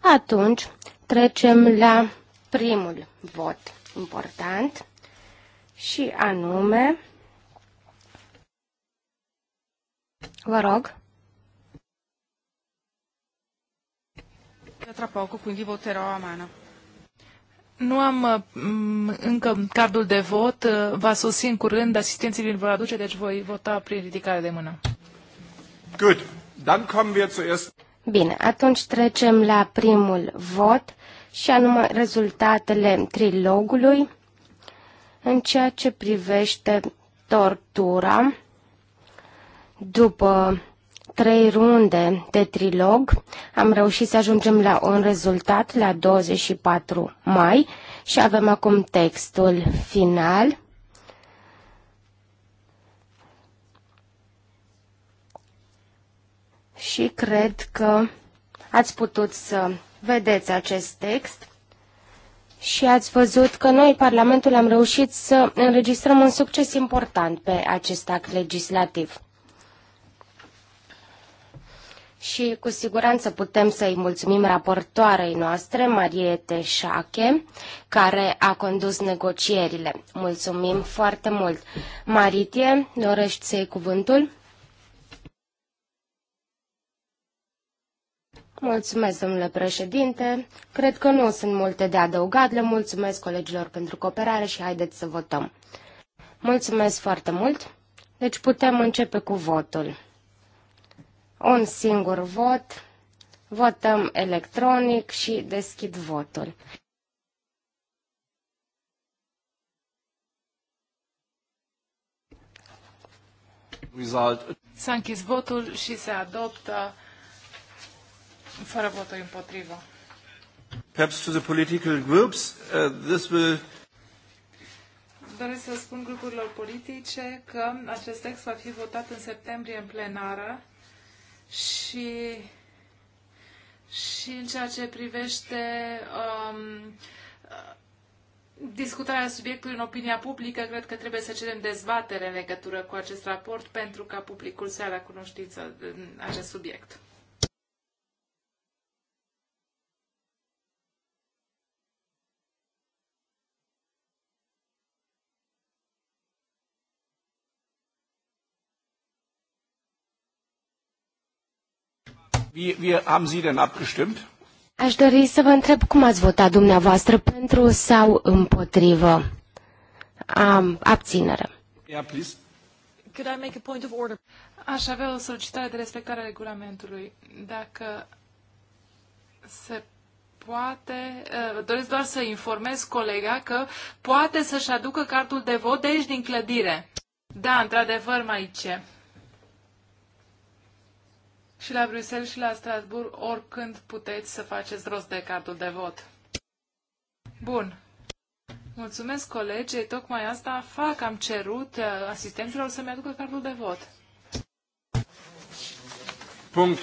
Atunci trecem la primul vot important și anume, vă rog, tra poco, quindi voterò a mano. Nu am mm, încă cardul de vot. Uh, Va sosi în curând, asistenții îl vor aduce, deci voi vota prin ridicare de mână. Good. Dann kommen wir zuerst... Bine, atunci trecem la primul vot și anume rezultatele trilogului în ceea ce privește tortura după trei runde de trilog am reușit să ajungem la un rezultat la 24 mai și avem acum textul final. Și cred că ați putut să vedeți acest text și ați văzut că noi, Parlamentul, am reușit să înregistrăm un succes important pe acest act legislativ și cu siguranță putem să-i mulțumim raportoarei noastre, Marie Teșache, care a condus negocierile. Mulțumim foarte mult. Maritie, dorești să iei cuvântul? Mulțumesc, domnule președinte. Cred că nu sunt multe de adăugat. Le mulțumesc colegilor pentru cooperare și haideți să votăm. Mulțumesc foarte mult. Deci putem începe cu votul. Un singur vot. Votăm electronic și deschid votul. S-a închis votul și se adoptă fără voturi împotrivă. Perhaps to the political groups, uh, this will... Doresc să spun grupurilor politice că acest text va fi votat în septembrie în plenară și, și în ceea ce privește um, discutarea subiectului în opinia publică, cred că trebuie să cerem dezbatere în legătură cu acest raport pentru ca publicul să ia la cunoștință acest subiect. Wie, wie haben Sie denn abgestimmt? Aș dori să vă întreb cum ați votat dumneavoastră pentru sau împotrivă. Am abținere. Yeah, please. Could I make a point of order? Aș avea o solicitare de respectare a regulamentului. Dacă se poate, uh, doresc doar să informez colega că poate să-și aducă cartul de vot de aici din clădire. Da, într-adevăr, mai ce? și la Bruxelles și la Strasbourg, oricând puteți să faceți rost de cardul de vot. Bun. Mulțumesc, colegi. Tocmai asta fac. Am cerut uh, asistenților să-mi aducă cardul de vot. Punct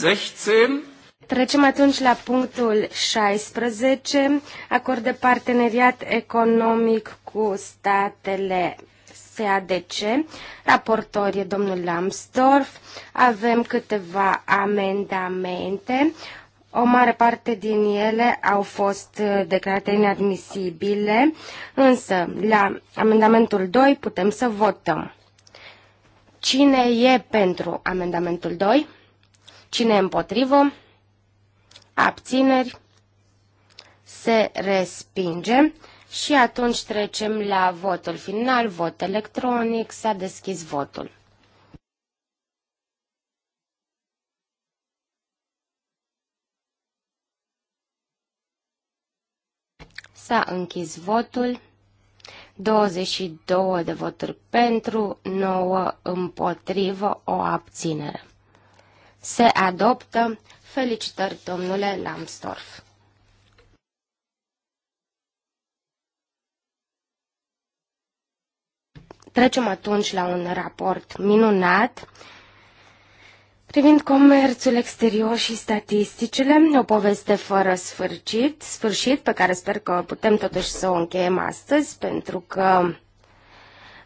16. Trecem atunci la punctul 16, acord de parteneriat economic cu statele ADC, raportor e domnul Lambsdorff, avem câteva amendamente, o mare parte din ele au fost uh, declarate inadmisibile, însă la amendamentul 2 putem să votăm. Cine e pentru amendamentul 2? Cine e împotrivă? Abțineri? Se respinge. Și atunci trecem la votul final, vot electronic, s-a deschis votul. S-a închis votul. 22 de voturi pentru, 9 împotrivă, o abținere. Se adoptă. Felicitări, domnule Lambsdorff. Trecem atunci la un raport minunat privind comerțul exterior și statisticile, o poveste fără sfârșit, sfârșit pe care sper că putem totuși să o încheiem astăzi, pentru că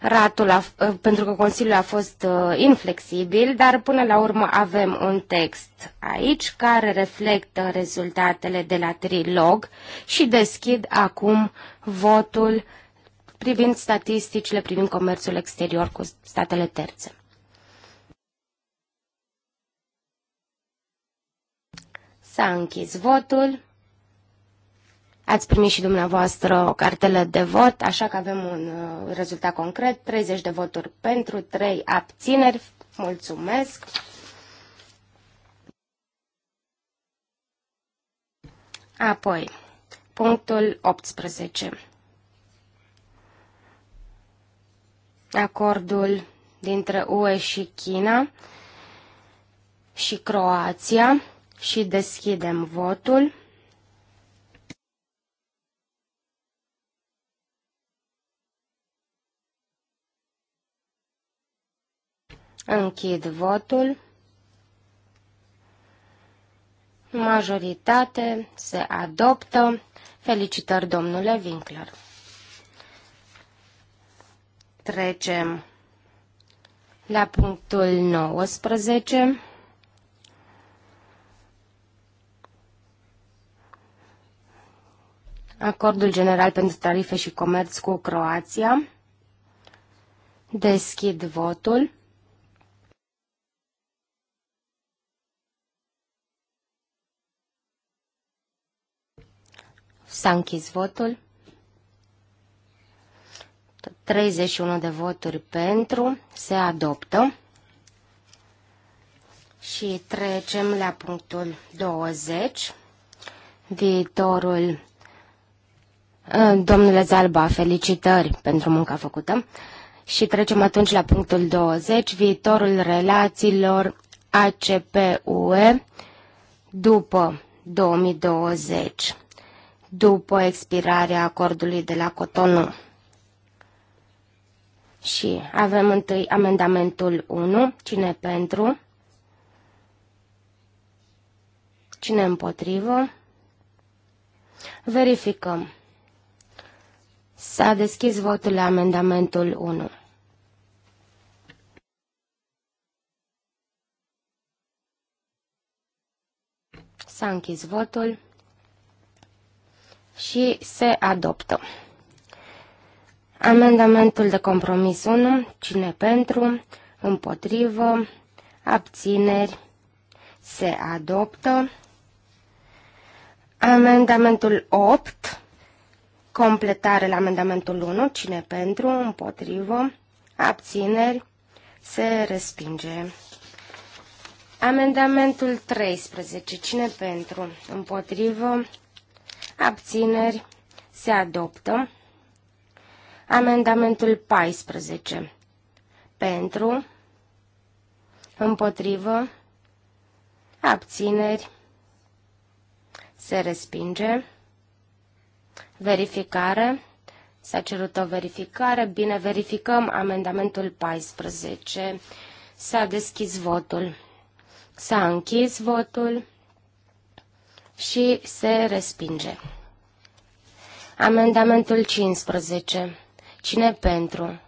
ratul a, ă, pentru că Consiliul a fost ă, inflexibil, dar până la urmă avem un text aici care reflectă rezultatele de la trilog și deschid acum votul privind statisticile, privind comerțul exterior cu statele terțe. S-a închis votul. Ați primit și dumneavoastră o cartelă de vot, așa că avem un uh, rezultat concret, 30 de voturi pentru, 3 abțineri. Mulțumesc! Apoi, punctul 18. acordul dintre UE și China și Croația și deschidem votul. Închid votul. Majoritate se adoptă. Felicitări, domnule Winkler. Trecem la punctul 19. Acordul general pentru tarife și comerț cu Croația. Deschid votul. S-a închis votul. 31 de voturi pentru, se adoptă. Și trecem la punctul 20. Viitorul. Ă, domnule Zalba, felicitări pentru munca făcută. Și trecem atunci la punctul 20, viitorul relațiilor ACP-UE după 2020, după expirarea acordului de la Cotonou. Și avem întâi amendamentul 1. Cine pentru? Cine împotrivă? Verificăm. S-a deschis votul la amendamentul 1. S-a închis votul și se adoptă. Amendamentul de compromis 1. Cine pentru? Împotrivă? Abțineri? Se adoptă. Amendamentul 8. Completare la amendamentul 1. Cine pentru? Împotrivă? Abțineri? Se respinge. Amendamentul 13. Cine pentru? Împotrivă? Abțineri? Se adoptă. Amendamentul 14. Pentru, împotrivă, abțineri, se respinge, verificare, s-a cerut o verificare, bine, verificăm amendamentul 14, s-a deschis votul, s-a închis votul și se respinge. Amendamentul 15. Cine pentru?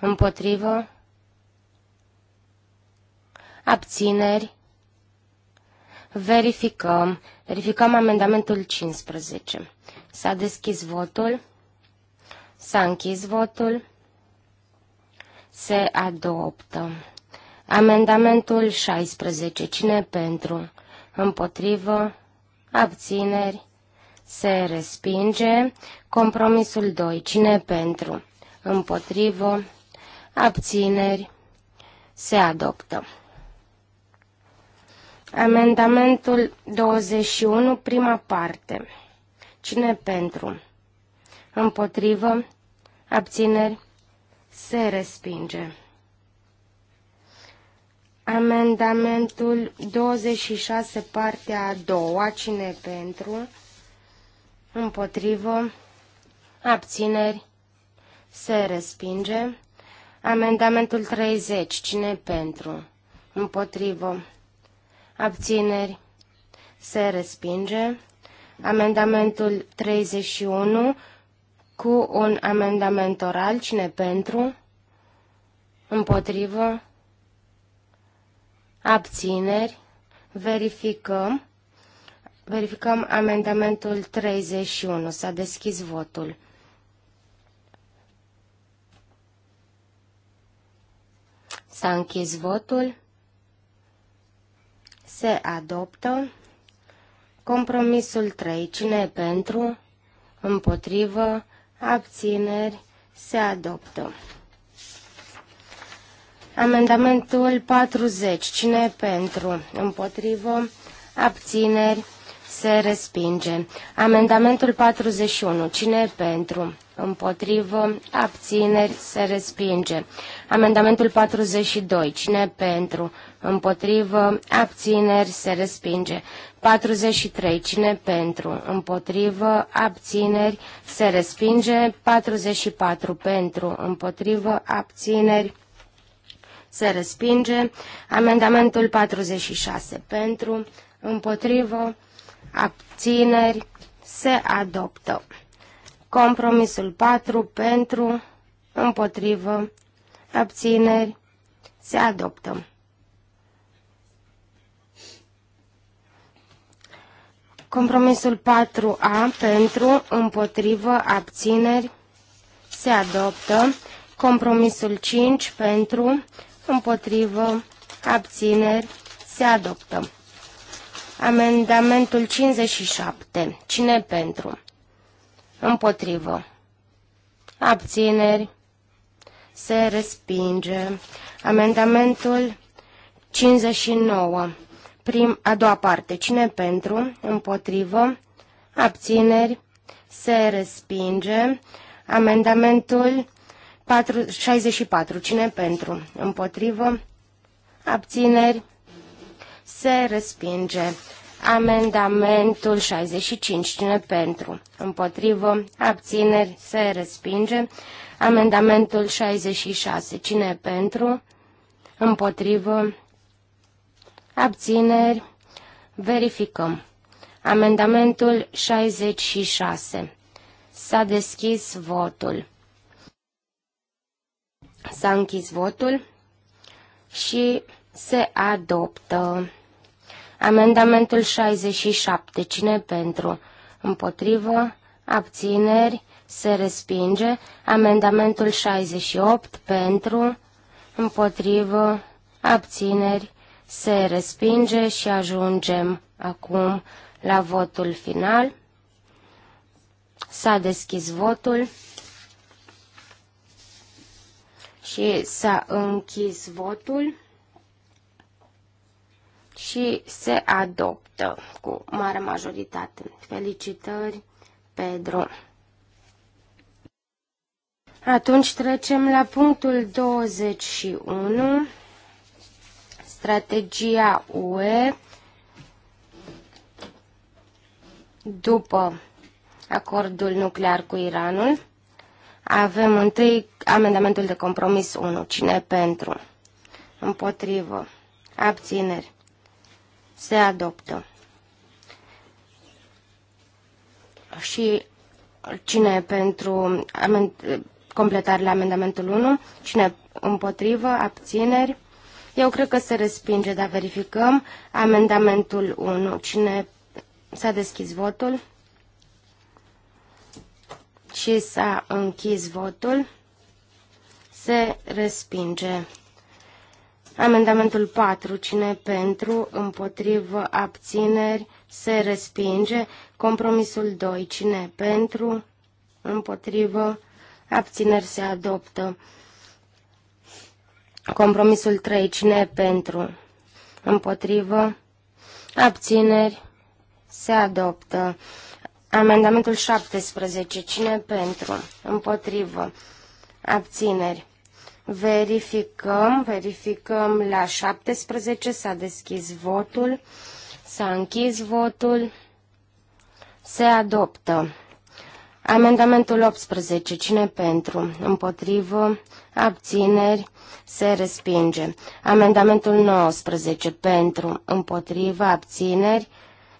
Împotrivă? Abțineri? Verificăm. Verificăm amendamentul 15. S-a deschis votul. S-a închis votul. Se adoptă. Amendamentul 16. Cine pentru? Împotrivă? Abțineri? se respinge. Compromisul 2. Cine pentru? Împotrivă. Abțineri. Se adoptă. Amendamentul 21, prima parte. Cine pentru? Împotrivă. Abțineri. Se respinge. Amendamentul 26, partea a doua. Cine pentru? împotrivă, abțineri, se respinge. Amendamentul 30, cine pentru, împotrivă, abțineri, se respinge. Amendamentul 31, cu un amendament oral, cine pentru, împotrivă, abțineri, verificăm. Verificăm amendamentul 31. S-a deschis votul. S-a închis votul. Se adoptă. Compromisul 3. Cine e pentru? Împotrivă? Abțineri? Se adoptă. Amendamentul 40. Cine e pentru? Împotrivă? Abțineri? Se respinge. Amendamentul 41. Cine e pentru? Împotrivă. Abțineri. Se respinge. Amendamentul 42. Cine e pentru? Împotrivă. Abțineri. Se respinge. 43. Cine pentru? Împotrivă. Abțineri. Se respinge. 44. Pentru. Împotrivă. Abțineri. Se respinge. Amendamentul 46. Pentru. Împotrivă abțineri, se adoptă. Compromisul 4 pentru, împotrivă, abțineri, se adoptă. Compromisul 4A pentru, împotrivă, abțineri, se adoptă. Compromisul 5 pentru, împotrivă, abțineri, se adoptă. Amendamentul 57. Cine pentru? Împotrivă. Abțineri. Se respinge. Amendamentul 59. Prim, a doua parte. Cine pentru? Împotrivă. Abțineri. Se respinge. Amendamentul 4, 64. Cine pentru? Împotrivă. Abțineri. Se respinge. Amendamentul 65. Cine pentru? Împotrivă. Abțineri. Se respinge. Amendamentul 66. Cine pentru? Împotrivă. Abțineri. Verificăm. Amendamentul 66. S-a deschis votul. S-a închis votul și se adoptă. Amendamentul 67. Cine pentru? Împotrivă? Abțineri? Se respinge. Amendamentul 68. Pentru? Împotrivă? Abțineri? Se respinge și ajungem acum la votul final. S-a deschis votul și s-a închis votul și se adoptă cu mare majoritate. Felicitări, Pedro! Atunci trecem la punctul 21, strategia UE după acordul nuclear cu Iranul. Avem întâi amendamentul de compromis 1. Cine pentru? Împotrivă. Abțineri se adoptă. Și cine e pentru completarea la amendamentul 1, cine împotrivă, abțineri. Eu cred că se respinge, dar verificăm amendamentul 1. Cine s-a deschis votul și s-a închis votul, se respinge. Amendamentul 4. Cine pentru, împotrivă, abțineri, se respinge. Compromisul 2. Cine pentru, împotrivă, abțineri, se adoptă. Compromisul 3. Cine pentru, împotrivă, abțineri, se adoptă. Amendamentul 17. Cine pentru, împotrivă, abțineri, Verificăm, verificăm la 17 s-a deschis votul, s-a închis votul, se adoptă. Amendamentul 18. Cine pentru? Împotrivă? Abțineri? Se respinge. Amendamentul 19. Pentru? Împotrivă? Abțineri?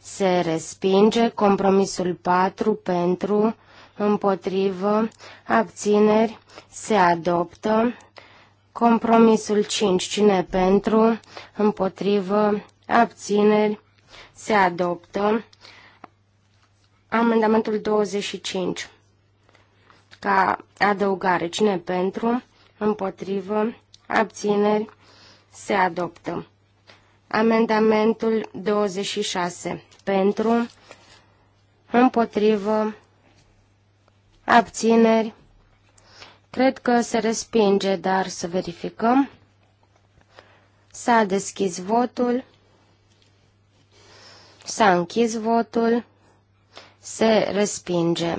Se respinge. Compromisul 4. Pentru? Împotrivă? Abțineri? Se adoptă. Compromisul 5. Cine pentru? Împotrivă? Abțineri? Se adoptă. Amendamentul 25. Ca adăugare. Cine pentru? Împotrivă? Abțineri? Se adoptă. Amendamentul 26. Pentru? Împotrivă? Abțineri? Cred că se respinge, dar să verificăm. S-a deschis votul. S-a închis votul. Se respinge.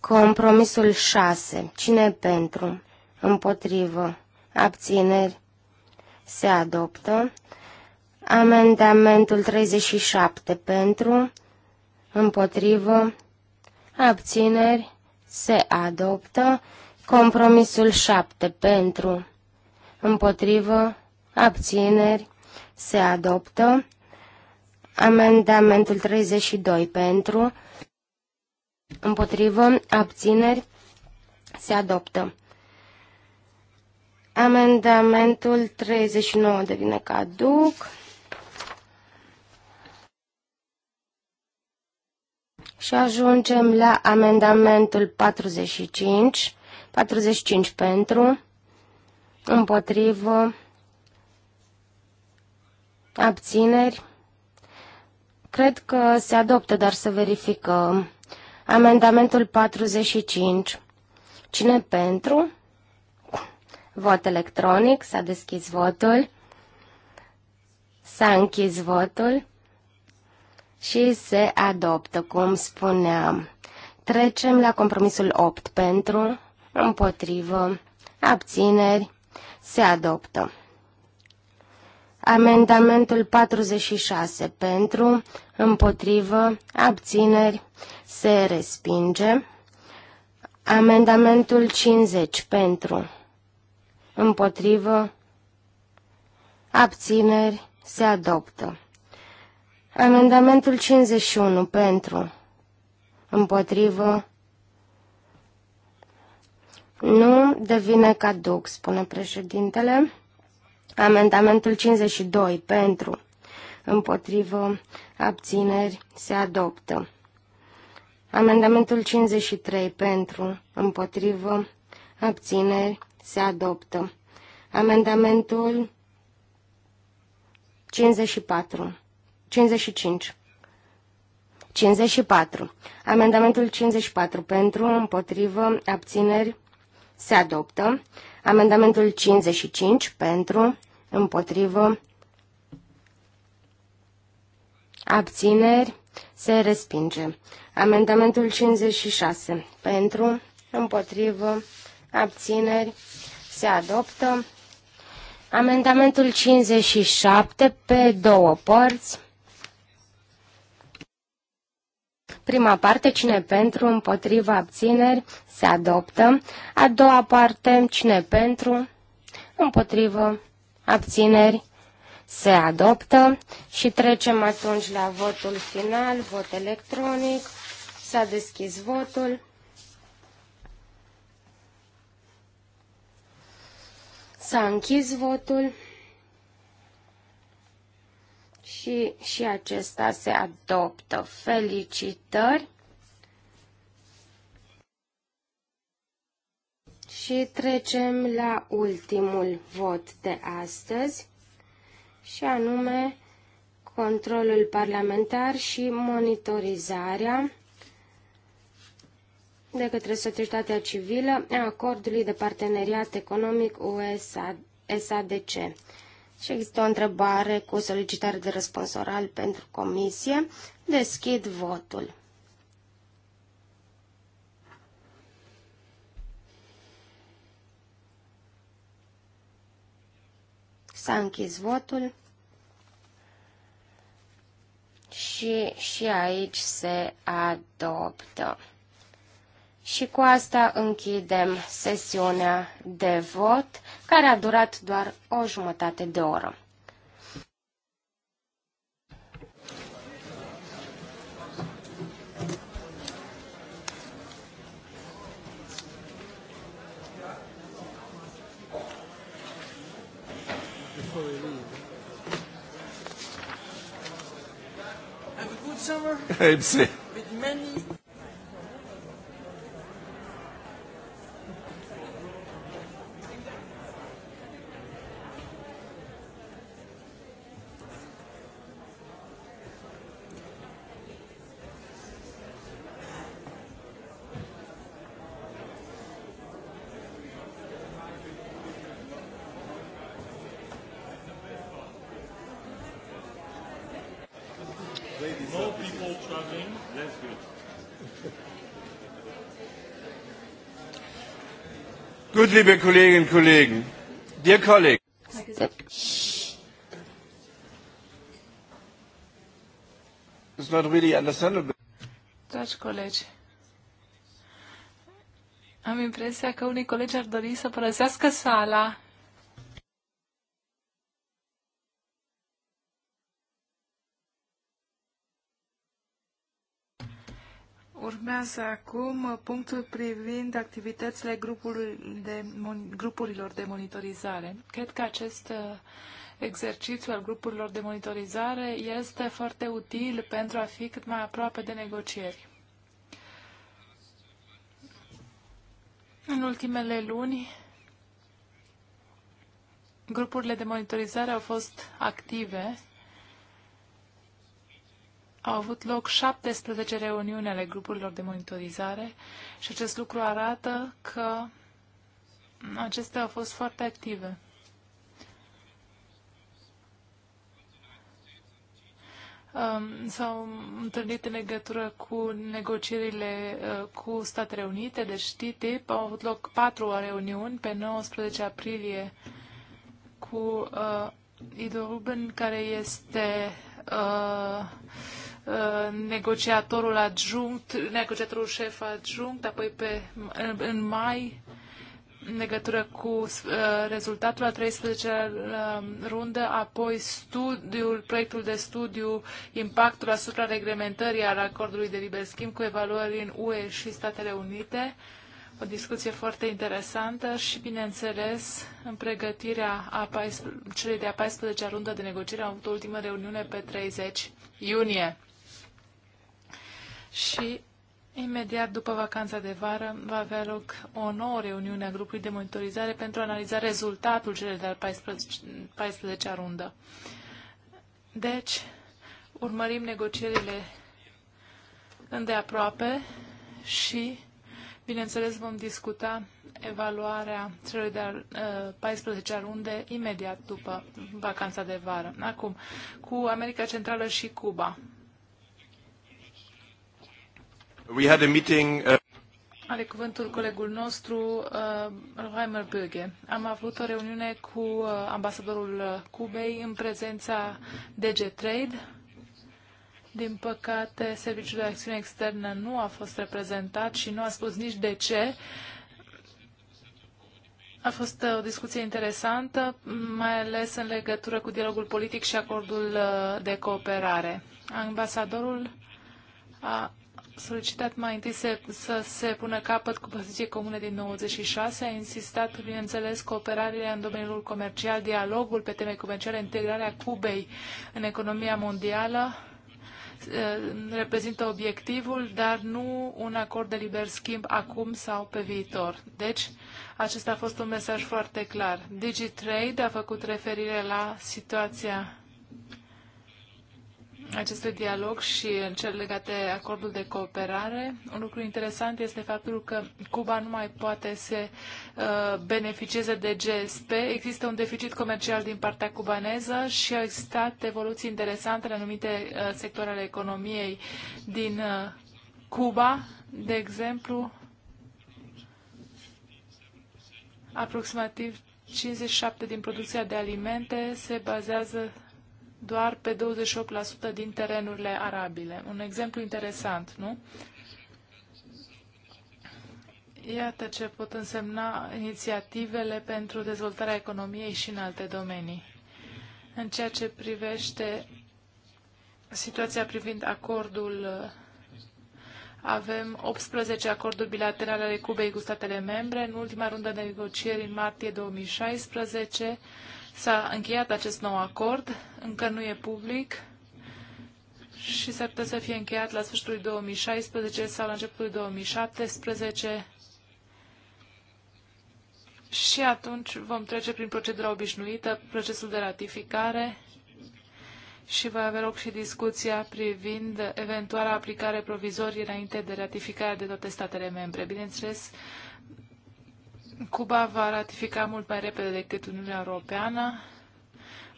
Compromisul 6. Cine pentru? Împotrivă. Abțineri. Se adoptă. Amendamentul 37 pentru. Împotrivă. Abțineri se adoptă. Compromisul 7 pentru, împotrivă, abțineri, se adoptă. Amendamentul 32 pentru, împotrivă, abțineri, se adoptă. Amendamentul 39 devine caduc. Și ajungem la amendamentul 45. 45 pentru, împotrivă, abțineri. Cred că se adoptă, dar să verificăm. Amendamentul 45. Cine pentru? Vot electronic. S-a deschis votul. S-a închis votul și se adoptă, cum spuneam. Trecem la compromisul 8 pentru, împotrivă, abțineri, se adoptă. Amendamentul 46 pentru, împotrivă, abțineri, se respinge. Amendamentul 50 pentru, împotrivă, abțineri, se adoptă. Amendamentul 51 pentru. Împotrivă. Nu devine caduc, spune președintele. Amendamentul 52 pentru. Împotrivă. Abțineri. Se adoptă. Amendamentul 53 pentru. Împotrivă. Abțineri. Se adoptă. Amendamentul 54 55. 54. Amendamentul 54 pentru, împotrivă, abțineri, se adoptă. Amendamentul 55 pentru, împotrivă, abțineri, se respinge. Amendamentul 56 pentru, împotrivă, abțineri, se adoptă. Amendamentul 57 pe două părți. Prima parte, cine pentru, împotriva, abțineri, se adoptă. A doua parte, cine pentru, împotriva abțineri, se adoptă. Și trecem atunci la votul final, vot electronic. S-a deschis votul. S-a închis votul și, și acesta se adoptă. Felicitări! Și trecem la ultimul vot de astăzi, și anume controlul parlamentar și monitorizarea de către societatea civilă a acordului de parteneriat economic UE-SADC. Și există o întrebare cu solicitare de răspuns oral pentru comisie. Deschid votul. S-a închis votul și, și aici se adoptă. Și cu asta închidem sesiunea de vot care a durat doar o jumătate de oră. Have a good summer. Hey, see. With many Gut, liebe Kolleginnen und Kollegen, dear colleague. It's not really understandable. Dragi colegi, am impresia că unii colegi ar dori să părăsească sala urmează acum punctul privind activitățile grupului de, grupurilor de monitorizare. Cred că acest uh, exercițiu al grupurilor de monitorizare este foarte util pentru a fi cât mai aproape de negocieri. În ultimele luni, grupurile de monitorizare au fost active au avut loc 17 reuniuni ale grupurilor de monitorizare și acest lucru arată că acestea au fost foarte active. Um, s-au întâlnit în legătură cu negocierile uh, cu Statele Unite, deci TTIP. Au avut loc patru reuniuni pe 19 aprilie cu uh, Ido Ruben, care este uh, Uh, negociatorul adjunct, negociatorul șef adjunct, apoi pe, în mai, în legătură cu uh, rezultatul a 13-a uh, rundă, apoi studiul, proiectul de studiu, impactul asupra reglementării al acordului de liber schimb cu evaluări în UE și Statele Unite, o discuție foarte interesantă și, bineînțeles, în pregătirea a 14, celei de-a 14-a rundă de negociere am avut o ultimă reuniune pe 30 iunie și imediat după vacanța de vară va avea loc o nouă reuniune a grupului de monitorizare pentru a analiza rezultatul celor de-al 14, a rundă. Deci, urmărim negocierile îndeaproape și, bineînțeles, vom discuta evaluarea celor de al 14-a runde imediat după vacanța de vară. Acum, cu America Centrală și Cuba. We had a meeting, uh... Are cuvântul colegul nostru, uh, Reimer Böge. Am avut o reuniune cu uh, ambasadorul uh, Cubei în prezența DG Trade. Din păcate, Serviciul de Acțiune Externă nu a fost reprezentat și nu a spus nici de ce. A fost uh, o discuție interesantă, mai ales în legătură cu dialogul politic și acordul uh, de cooperare. Ambasadorul a solicitat mai întâi să, să se pună capăt cu poziție comune din 96, a insistat, bineînțeles, cooperarea în domeniul comercial, dialogul pe teme comerciale, integrarea Cubei în economia mondială, ă, reprezintă obiectivul, dar nu un acord de liber schimb acum sau pe viitor. Deci, acesta a fost un mesaj foarte clar. DigiTrade a făcut referire la situația acestui dialog și în cel legat de acordul de cooperare. Un lucru interesant este faptul că Cuba nu mai poate să uh, beneficieze de GSP. Există un deficit comercial din partea cubaneză și au existat evoluții interesante în anumite uh, sectoare ale economiei din uh, Cuba. De exemplu, aproximativ 57% din producția de alimente se bazează doar pe 28% din terenurile arabile. Un exemplu interesant, nu? Iată ce pot însemna inițiativele pentru dezvoltarea economiei și în alte domenii. În ceea ce privește situația privind acordul, avem 18 acorduri bilaterale ale Cubei cu statele membre. În ultima rundă de negocieri, în martie 2016, S-a încheiat acest nou acord, încă nu e public și s-ar putea să fie încheiat la sfârșitul 2016 sau la începutul 2017 și atunci vom trece prin procedura obișnuită, procesul de ratificare și va avea loc și discuția privind eventuala aplicare provizorie înainte de ratificarea de toate statele membre. Bineînțeles, Cuba va ratifica mult mai repede decât Uniunea Europeană.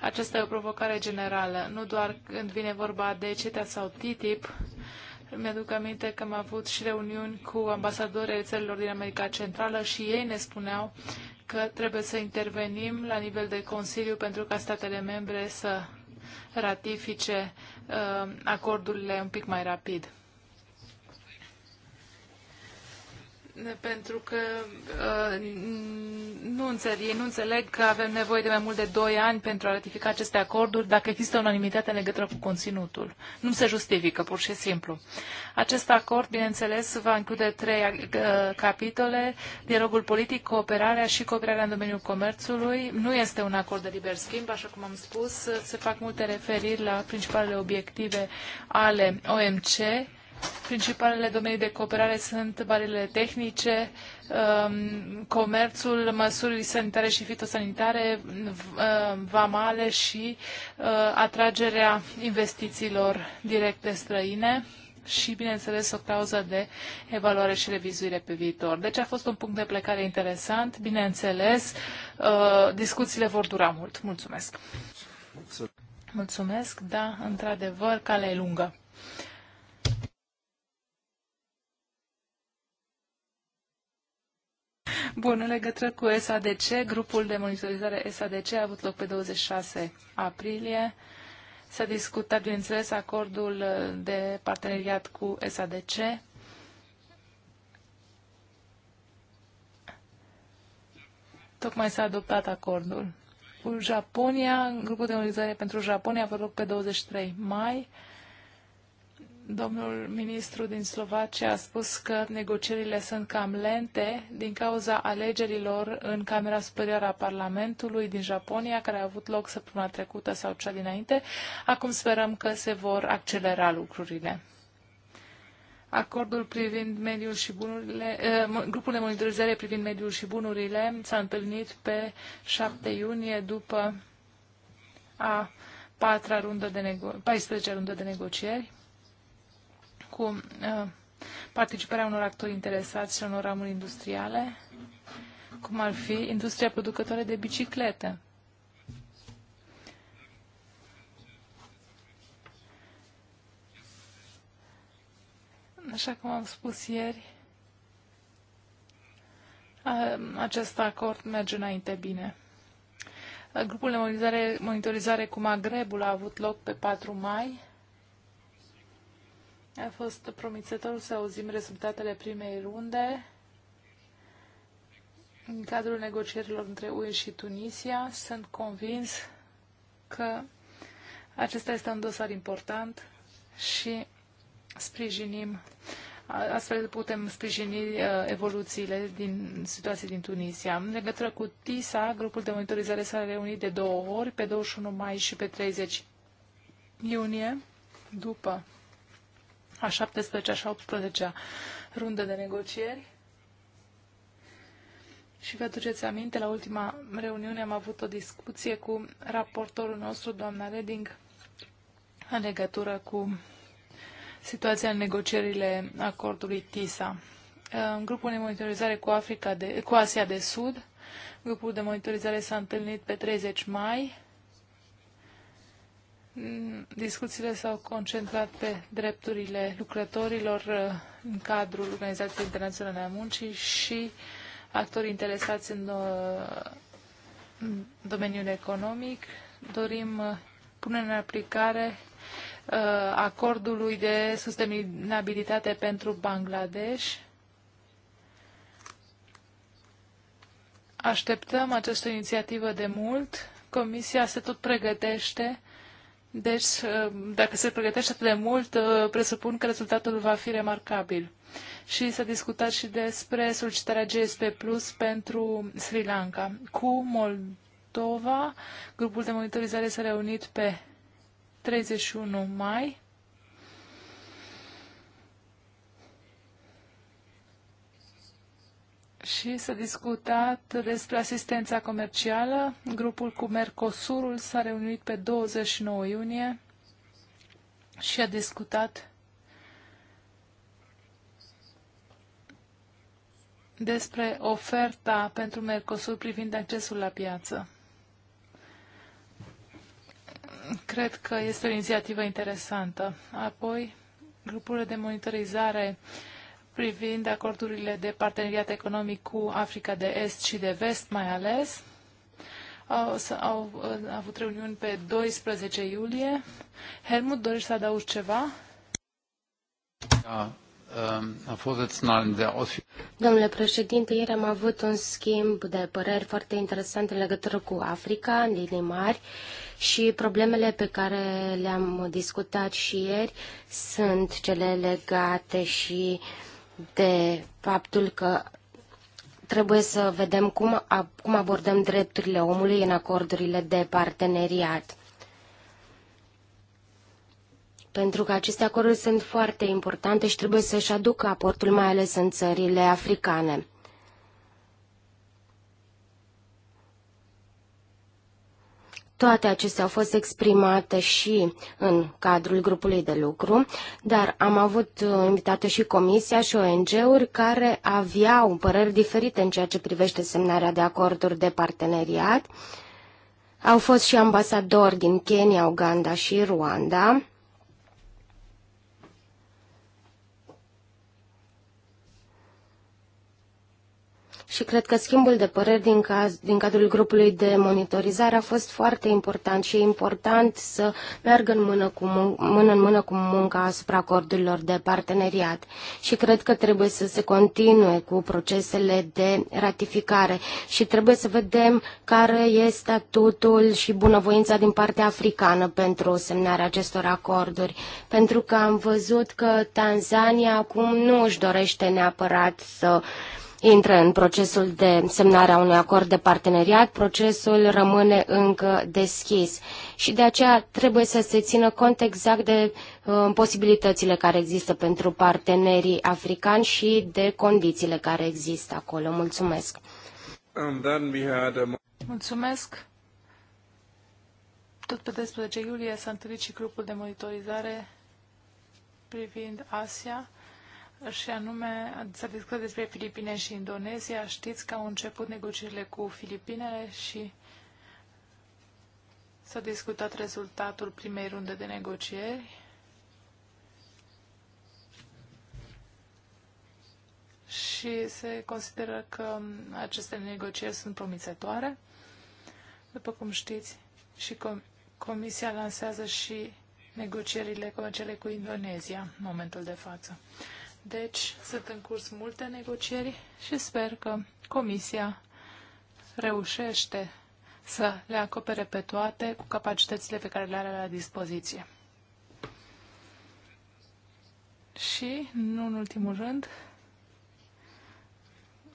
Aceasta e o provocare generală, nu doar când vine vorba de CETA sau TTIP. Mi-aduc aminte că am avut și reuniuni cu ambasadorii țărilor din America Centrală și ei ne spuneau că trebuie să intervenim la nivel de Consiliu pentru ca statele membre să ratifice uh, acordurile un pic mai rapid. pentru că uh, nu înțeleg, ei nu înțeleg că avem nevoie de mai mult de 2 ani pentru a ratifica aceste acorduri dacă există unanimitate în legătură cu conținutul. Nu se justifică, pur și simplu. Acest acord, bineînțeles, va include trei uh, capitole, dialogul politic, cooperarea și cooperarea în domeniul comerțului. Nu este un acord de liber schimb, așa cum am spus, se fac multe referiri la principalele obiective ale OMC, Principalele domenii de cooperare sunt barele tehnice, um, comerțul, măsurile sanitare și fitosanitare, um, vamale și uh, atragerea investițiilor directe străine și, bineînțeles, o clauză de evaluare și revizuire pe viitor. Deci a fost un punct de plecare interesant. Bineînțeles, uh, discuțiile vor dura mult. Mulțumesc! Mulțumesc, da, într-adevăr, calea e lungă. Bun, în legătură cu SADC, grupul de monitorizare SADC a avut loc pe 26 aprilie. S-a discutat, bineînțeles, acordul de parteneriat cu SADC. Tocmai s-a adoptat acordul. Cu Japonia, grupul de monitorizare pentru Japonia a avut loc pe 23 mai. Domnul ministru din Slovacia a spus că negocierile sunt cam lente din cauza alegerilor în Camera Superioară a Parlamentului din Japonia, care a avut loc săptămâna trecută sau cea dinainte. Acum sperăm că se vor accelera lucrurile. Acordul privind mediul și bunurile, eh, grupul de monitorizare privind mediul și bunurile s-a întâlnit pe 7 iunie după a patra rundă de nego- 14 rundă de negocieri cu uh, participarea unor actori interesați și unor ramuri industriale, cum ar fi industria producătoare de biciclete. Așa cum am spus ieri, acest acord merge înainte bine. Grupul de monitorizare, monitorizare cu Magrebul a avut loc pe 4 mai a fost promițător să auzim rezultatele primei runde în cadrul negocierilor între UE și Tunisia. Sunt convins că acesta este un dosar important și sprijinim, astfel putem sprijini uh, evoluțiile din situații din Tunisia. În legătură cu TISA, grupul de monitorizare s-a reunit de două ori, pe 21 mai și pe 30 iunie, după a 17-a și a 18-a rundă de negocieri. Și vă aduceți aminte, la ultima reuniune am avut o discuție cu raportorul nostru, doamna Reding, în legătură cu situația în negocierile acordului TISA. Grupul de monitorizare cu, Africa de, cu Asia de Sud, grupul de monitorizare s-a întâlnit pe 30 mai Discuțiile s-au concentrat pe drepturile lucrătorilor uh, în cadrul Organizației Internaționale a Muncii și actorii interesați în uh, domeniul economic. Dorim uh, pune în aplicare acordului de sustenabilitate pentru Bangladesh. Așteptăm această inițiativă de mult. Comisia se tot pregătește deci, uh, dacă se pregătește atât de mult, uh, presupun că rezultatul va fi remarcabil. Și s-a discutat și despre solicitarea GSP Plus pentru Sri Lanka. Cu Moldova, grupul de monitorizare s-a reunit pe 31 mai și s-a discutat despre asistența comercială. Grupul cu Mercosurul s-a reunit pe 29 iunie și a discutat despre oferta pentru Mercosur privind accesul la piață. Cred că este o inițiativă interesantă. Apoi, grupurile de monitorizare uh, privind acordurile de parteneriat economic cu Africa de Est și de Vest mai ales. Au, au, au uh, avut reuniuni pe 12 iulie. Helmut, dorești să adaugi ceva? Da. Um, Domnule președinte, ieri am avut un schimb de păreri foarte interesant în legătură cu Africa, în linii mari, și problemele pe care le-am discutat și ieri sunt cele legate și uh, de faptul că trebuie să vedem cum, cum abordăm drepturile omului în acordurile de parteneriat. Pentru că aceste acorduri sunt foarte importante și trebuie să-și aducă aportul mai ales în țările africane. Toate acestea au fost exprimate și în cadrul grupului de lucru, dar am avut uh, invitată și comisia și ONG-uri care aveau păreri diferite în ceea ce privește semnarea de acorduri de parteneriat. Au fost și ambasadori din Kenya, Uganda și Rwanda. și cred că schimbul de păreri din, caz, din cadrul grupului de monitorizare a fost foarte important și e important să meargă în mână, cu mun- mână în mână cu munca asupra acordurilor de parteneriat și cred că trebuie să se continue cu procesele de ratificare și trebuie să vedem care este statutul și bunăvoința din partea africană pentru semnarea acestor acorduri, pentru că am văzut că Tanzania acum nu își dorește neapărat să uh, intră în procesul de semnare a unui acord de parteneriat, procesul rămâne încă deschis și de aceea trebuie să se țină cont exact de uh, posibilitățile care există pentru partenerii africani și de condițiile care există acolo. Mulțumesc! Mulțumesc! Tot pe 12 iulie s-a întâlnit și grupul de monitorizare privind Asia și anume s-a discutat despre Filipine și Indonezia. Știți că au început negocierile cu Filipinele și s-a discutat rezultatul primei runde de negocieri. Și se consideră că aceste negocieri sunt promițătoare. După cum știți, și com Comisia lansează și negocierile comerciale cu Indonezia în momentul de față. Deci sunt în curs multe negocieri și sper că Comisia reușește să le acopere pe toate cu capacitățile pe care le are la dispoziție. Și, nu în ultimul rând,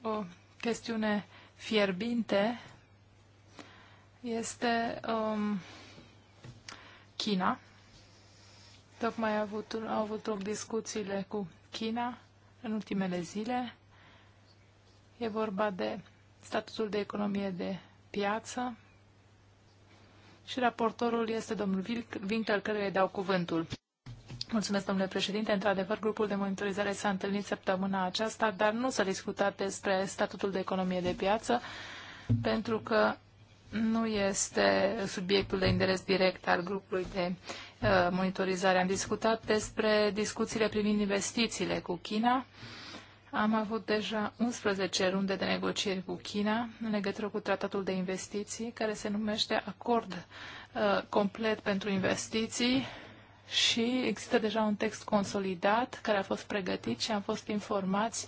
o chestiune fierbinte este um, China. Tocmai au avut, au avut loc discuțiile cu China în ultimele zile. E vorba de statutul de economie de piață și raportorul este domnul Winkler, căruia îi dau cuvântul. Mulțumesc, domnule președinte. Într-adevăr, grupul de monitorizare s-a întâlnit săptămâna aceasta, dar nu s-a discutat despre statutul de economie de piață, pentru că nu este subiectul de interes direct al grupului de Uh, monitorizare. Am discutat despre discuțiile privind investițiile cu China. Am avut deja 11 runde de negocieri cu China în legătură cu tratatul de investiții, care se numește Acord uh, Complet pentru Investiții și există deja un text consolidat care a fost pregătit și am fost informați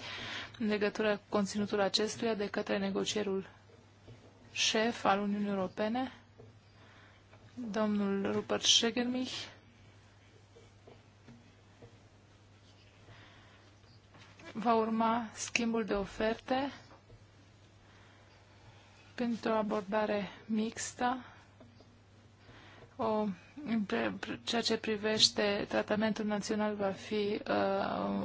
în legătură cu conținutul acestuia de către negocierul șef al Uniunii Europene, domnul Rupert Schegermich. Va urma schimbul de oferte pentru o abordare mixtă, o, ceea ce privește tratamentul național va fi uh,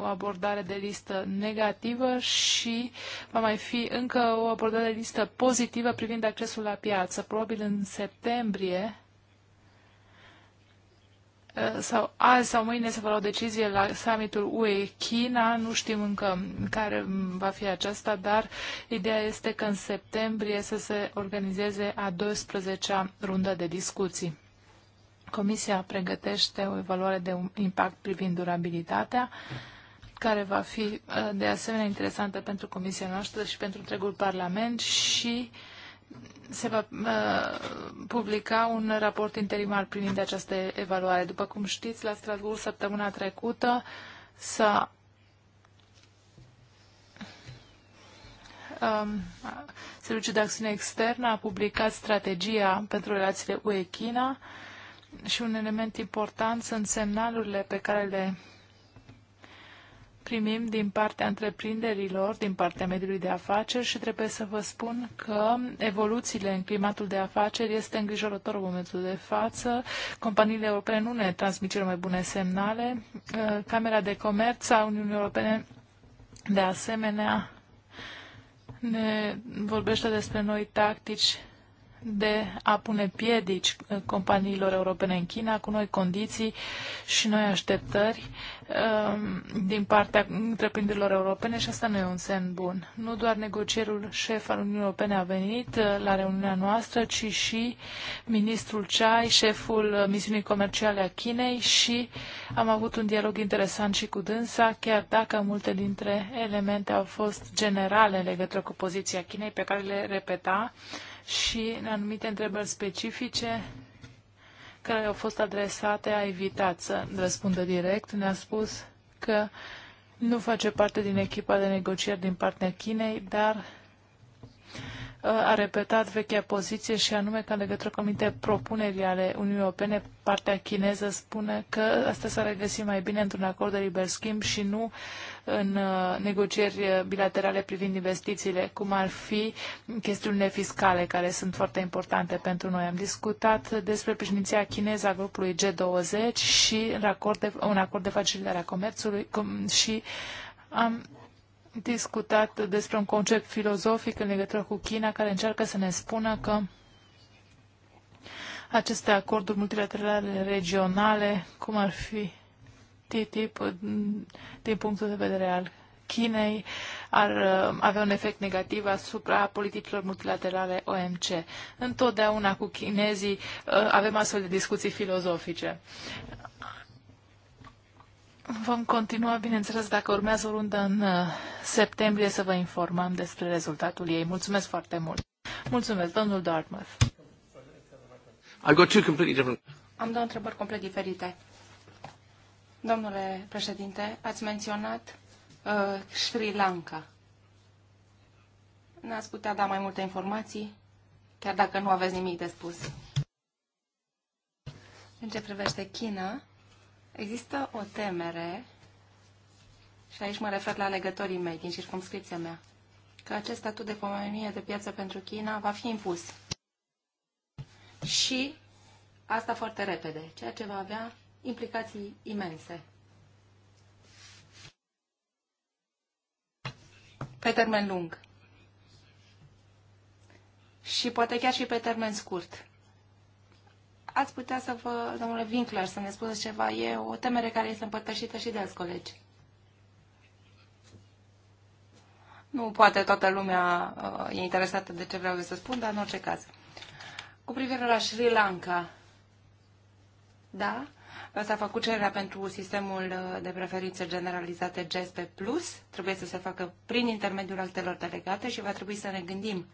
o abordare de listă negativă și va mai fi încă o abordare de listă pozitivă privind accesul la piață. Probabil în septembrie Uh, sau azi sau mâine se va lua decizie la summitul UE-China, nu știm încă care va fi aceasta, dar ideea este că în septembrie să se organizeze a 12-a rundă de discuții. Comisia pregătește o evaluare de impact privind durabilitatea, care va fi uh, de asemenea interesantă pentru Comisia noastră și pentru întregul Parlament și uh, se va uh, publica un raport interimar privind această evaluare. După cum știți, la Strasbourg săptămâna trecută s-a um, Serviciul de Acțiune Externă a publicat strategia pentru relațiile UE-China și un element important sunt semnalurile pe care le primim din partea întreprinderilor, din partea mediului de afaceri și trebuie să vă spun că evoluțiile în climatul de afaceri este îngrijorător în momentul de față. Companiile europene nu ne transmit cele mai bune semnale. Uh, Camera de Comerț a Uniunii Europene de asemenea ne vorbește despre noi tactici de a pune piedici uh, companiilor europene în China cu noi condiții și noi așteptări um, din partea întreprinderilor europene și asta nu e un semn bun. Nu doar negocierul șef al Uniunii Europene a venit uh, la reuniunea noastră, ci și ministrul Chai, șeful uh, misiunii comerciale a Chinei și am avut un dialog interesant și cu dânsa, chiar dacă multe dintre elemente au fost generale în legătură cu poziția Chinei pe care le repeta și în anumite întrebări specifice care au fost adresate a evitat să răspundă direct. Ne-a spus că nu face parte din echipa de negocieri din partea Chinei, dar Uh, a repetat vechea poziție și anume că în legătură cu minte propuneri ale Uniunii Europene, partea chineză spune că asta s-ar regăsi mai bine într-un acord de liber schimb și nu în uh, negocieri bilaterale privind investițiile, cum ar fi chestiunile fiscale, care sunt foarte importante pentru noi. Am discutat despre președinția chineză a grupului G20 și un acord de, un acord de facilitare a comerțului și am discutat despre un concept filozofic în legătură cu China care încearcă să ne spună că aceste acorduri multilaterale regionale, cum ar fi TTIP, din punctul de vedere al Chinei, ar uh, avea un efect negativ asupra politicilor multilaterale OMC. Întotdeauna cu chinezii uh, avem astfel de discuții filozofice. Vom continua, bineînțeles, dacă urmează o rundă în uh, septembrie să vă informăm despre rezultatul ei. Mulțumesc foarte mult. Mulțumesc, domnul Dartmouth. I've got two completely different... Am două întrebări complet diferite. Domnule președinte, ați menționat uh, Sri Lanka. Ne-ați putea da mai multe informații, chiar dacă nu aveți nimic de spus. În ce privește China, Există o temere, și aici mă refer la legătorii mei din circumscripția mea, că acest statut de economie de piață pentru China va fi impus. Și asta foarte repede, ceea ce va avea implicații imense. Pe termen lung. Și poate chiar și pe termen scurt ați putea să vă, domnule Winkler, să ne spuneți ceva. E o temere care este împărtășită și de alți colegi. Nu poate toată lumea uh, e interesată de ce vreau să spun, dar în orice caz. Cu privire la Sri Lanka, da, s-a făcut cererea pentru sistemul uh, de preferințe generalizate GSP+, trebuie să se facă prin intermediul actelor delegate și va trebui să ne gândim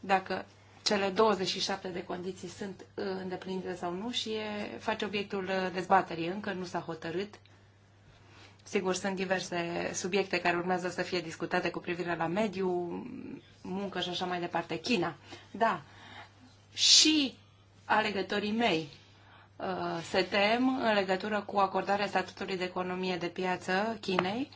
dacă cele 27 de condiții sunt uh, îndeplinite sau nu și e, face obiectul uh, dezbaterii. Încă nu s-a hotărât. Sigur, sunt diverse subiecte care urmează să fie discutate cu privire la mediu, muncă și așa mai departe. China. Da. Și alegătorii mei uh, se tem în legătură cu acordarea statutului de economie de piață Chinei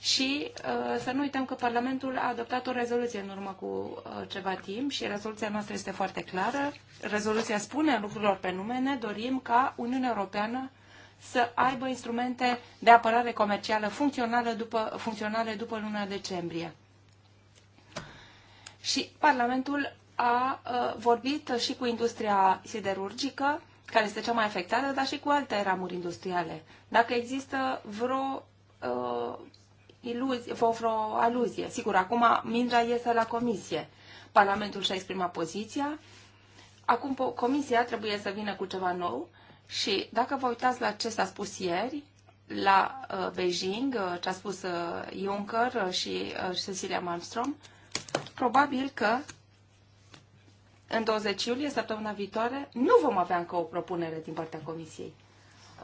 și uh, să nu uităm că Parlamentul a adoptat o rezoluție în urmă cu uh, ceva timp și rezoluția noastră este foarte clară. Rezoluția spune lucrurilor pe nume, ne dorim ca Uniunea Europeană să aibă instrumente de apărare comercială funcționale după, funcționale după luna decembrie. Și Parlamentul a uh, vorbit și cu industria siderurgică, care este cea mai afectată, dar și cu alte ramuri industriale. Dacă există vreo iluzie, vreo aluzie. Sigur, acum Mindra iese la comisie. Parlamentul și-a exprimat poziția. Acum comisia trebuie să vină cu ceva nou și dacă vă uitați la ce s-a spus ieri, la uh, Beijing, uh, ce a spus uh, Juncker uh, și uh, Cecilia Malmström, probabil că în 20 iulie, săptămâna viitoare, nu vom avea încă o propunere din partea Comisiei.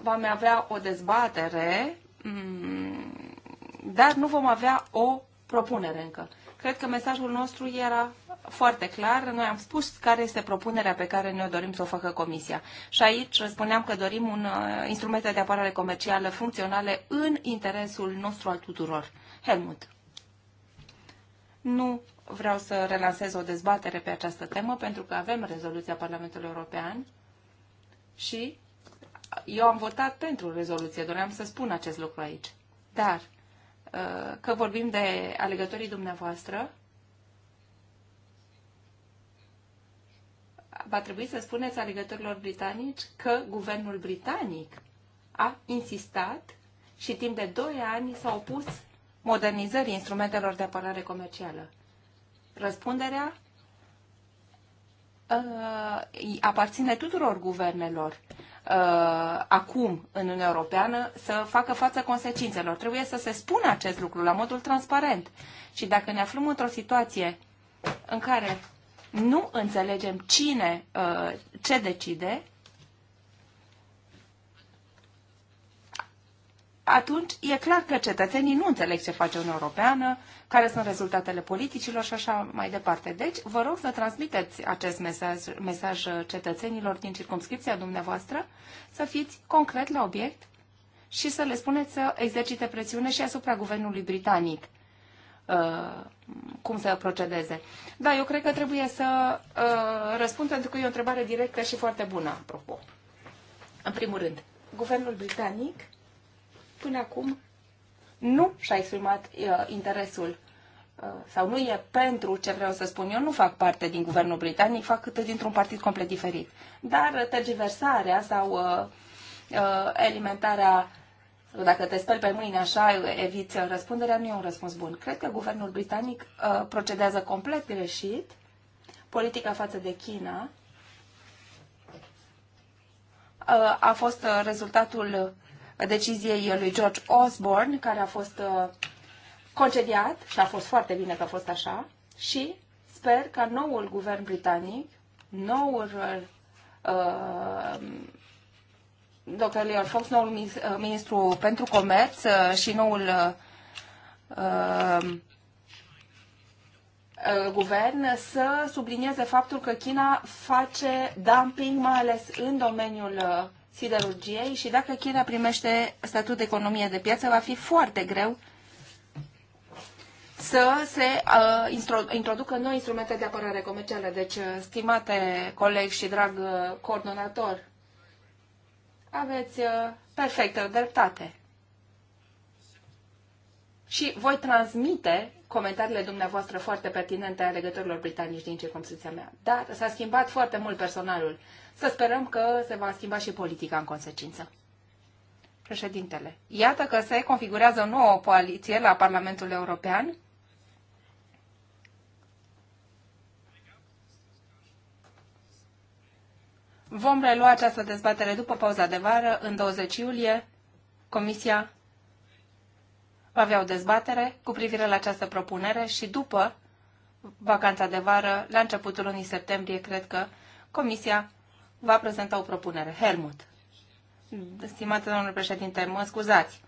Vom avea o dezbatere mm, dar nu vom avea o propunere încă. Cred că mesajul nostru era foarte clar. Noi am spus care este propunerea pe care ne-o dorim să o facă Comisia. Și aici spuneam că dorim un uh, instrumente de apărare comercială funcționale în interesul nostru al tuturor. Helmut. Nu vreau să relansez o dezbatere pe această temă, pentru că avem rezoluția Parlamentului European și eu am votat pentru rezoluție. Doream să spun acest lucru aici. Dar Uh, că vorbim de alegătorii dumneavoastră, va trebui să spuneți alegătorilor britanici că guvernul britanic a insistat și timp de 2 ani s-a opus modernizării instrumentelor de apărare comercială. Răspunderea uh, aparține tuturor guvernelor uh, acum în Uniunea Europeană să facă față consecințelor. Trebuie să se spună acest lucru la modul transparent. Și dacă ne aflăm într-o situație în care nu înțelegem cine uh, ce decide, atunci e clar că cetățenii nu înțeleg ce face Uniunea Europeană, care sunt rezultatele politicilor și așa mai departe. Deci, vă rog să transmiteți acest mesaj, mesaj cetățenilor din circumscripția dumneavoastră, să fiți concret la obiect și să le spuneți să exercite presiune și asupra guvernului britanic uh, cum să procedeze. Da, eu cred că trebuie să uh, răspund pentru că e o întrebare directă și foarte bună, apropo. În primul rând, guvernul britanic până acum nu și-a exprimat uh, interesul uh, sau nu e pentru ce vreau să spun. Eu nu fac parte din guvernul britanic, fac câte dintr-un partid complet diferit. Dar tergiversarea sau uh, uh, alimentarea, dacă te speli pe mâine așa, eviți răspunderea, nu e un răspuns bun. Cred că guvernul britanic uh, procedează complet greșit. Politica față de China uh, a fost rezultatul deciziei lui George Osborne, care a fost uh, concediat și a fost foarte bine că a fost așa și sper ca noul guvern britanic, noul uh, Dr. Leon Fox, noul uh, ministru pentru comerț uh, și noul uh, guvern să sublinieze faptul că China face dumping, mai ales în domeniul siderurgiei și dacă China primește statut de economie de piață, va fi foarte greu să se uh, introducă noi instrumente de apărare comercială. Deci, uh, stimate coleg și drag uh, coordonator, aveți uh, perfectă dreptate și voi transmite comentariile dumneavoastră foarte pertinente ale legătorilor britanici din circunstanța mea. Dar s-a schimbat foarte mult personalul. Să sperăm că se va schimba și politica în consecință. Președintele, iată că se configurează o nouă coaliție la Parlamentul European. Vom relua această dezbatere după pauza de vară, în 20 iulie, Comisia va avea o dezbatere cu privire la această propunere și după vacanța de vară, la începutul lunii septembrie, cred că Comisia va prezenta o propunere. Helmut. Stimate domnule președinte, mă scuzați.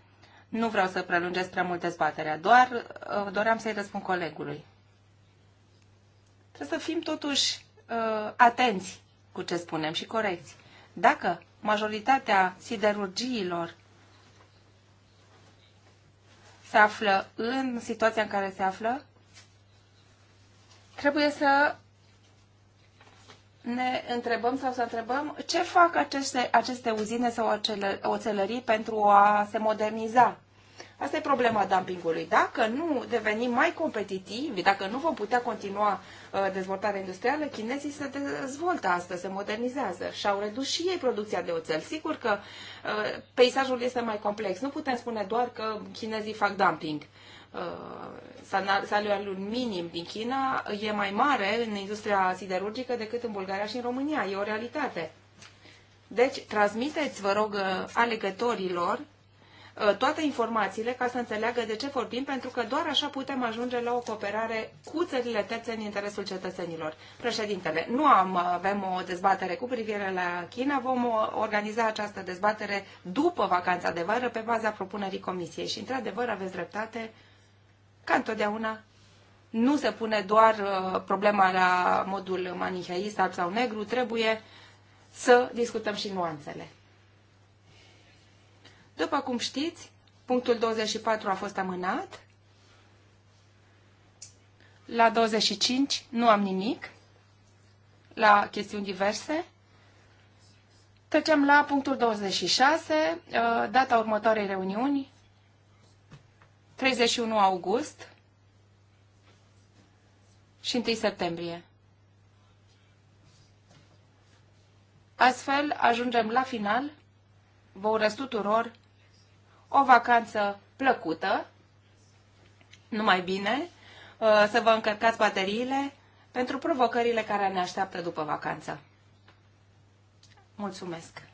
Nu vreau să prelungesc prea mult dezbaterea, doar uh, doream să-i răspund colegului. Trebuie să fim totuși uh, atenți cu ce spunem și corecți. Dacă majoritatea siderurgiilor se află în situația în care se află, trebuie să ne întrebăm sau să întrebăm ce fac aceste, aceste uzine sau acele, oțelării pentru a se moderniza. Asta e problema dumpingului. Dacă nu devenim mai competitivi, dacă nu vom putea continua uh, dezvoltarea industrială, chinezii se dezvoltă astăzi, se modernizează și au redus și ei producția de oțel. Sigur că uh, peisajul este mai complex. Nu putem spune doar că chinezii fac dumping uh, salariul minim din China e mai mare în industria siderurgică decât în Bulgaria și în România. E o realitate. Deci, transmiteți, vă rog, alegătorilor Uh, toate informațiile ca să înțeleagă de ce vorbim, pentru că doar așa putem ajunge la o cooperare cu țările terțe în interesul cetățenilor. Președintele, nu am, uh, avem o dezbatere cu privire la China, vom uh, organiza această dezbatere după vacanța de vară pe baza propunerii Comisiei și, într-adevăr, aveți dreptate, ca întotdeauna, nu se pune doar problema la modul manicheist, alb sau negru, trebuie să discutăm și nuanțele. După cum știți, punctul 24 a fost amânat. La 25 nu am nimic. La chestiuni diverse. Trecem la punctul 26, uh, data următoarei reuniuni, 31 august și 1 septembrie. Astfel ajungem la final. Vă urez tuturor o vacanță plăcută, numai bine, uh, să vă încărcați bateriile pentru provocările care ne așteaptă după vacanță. Mulțumesc!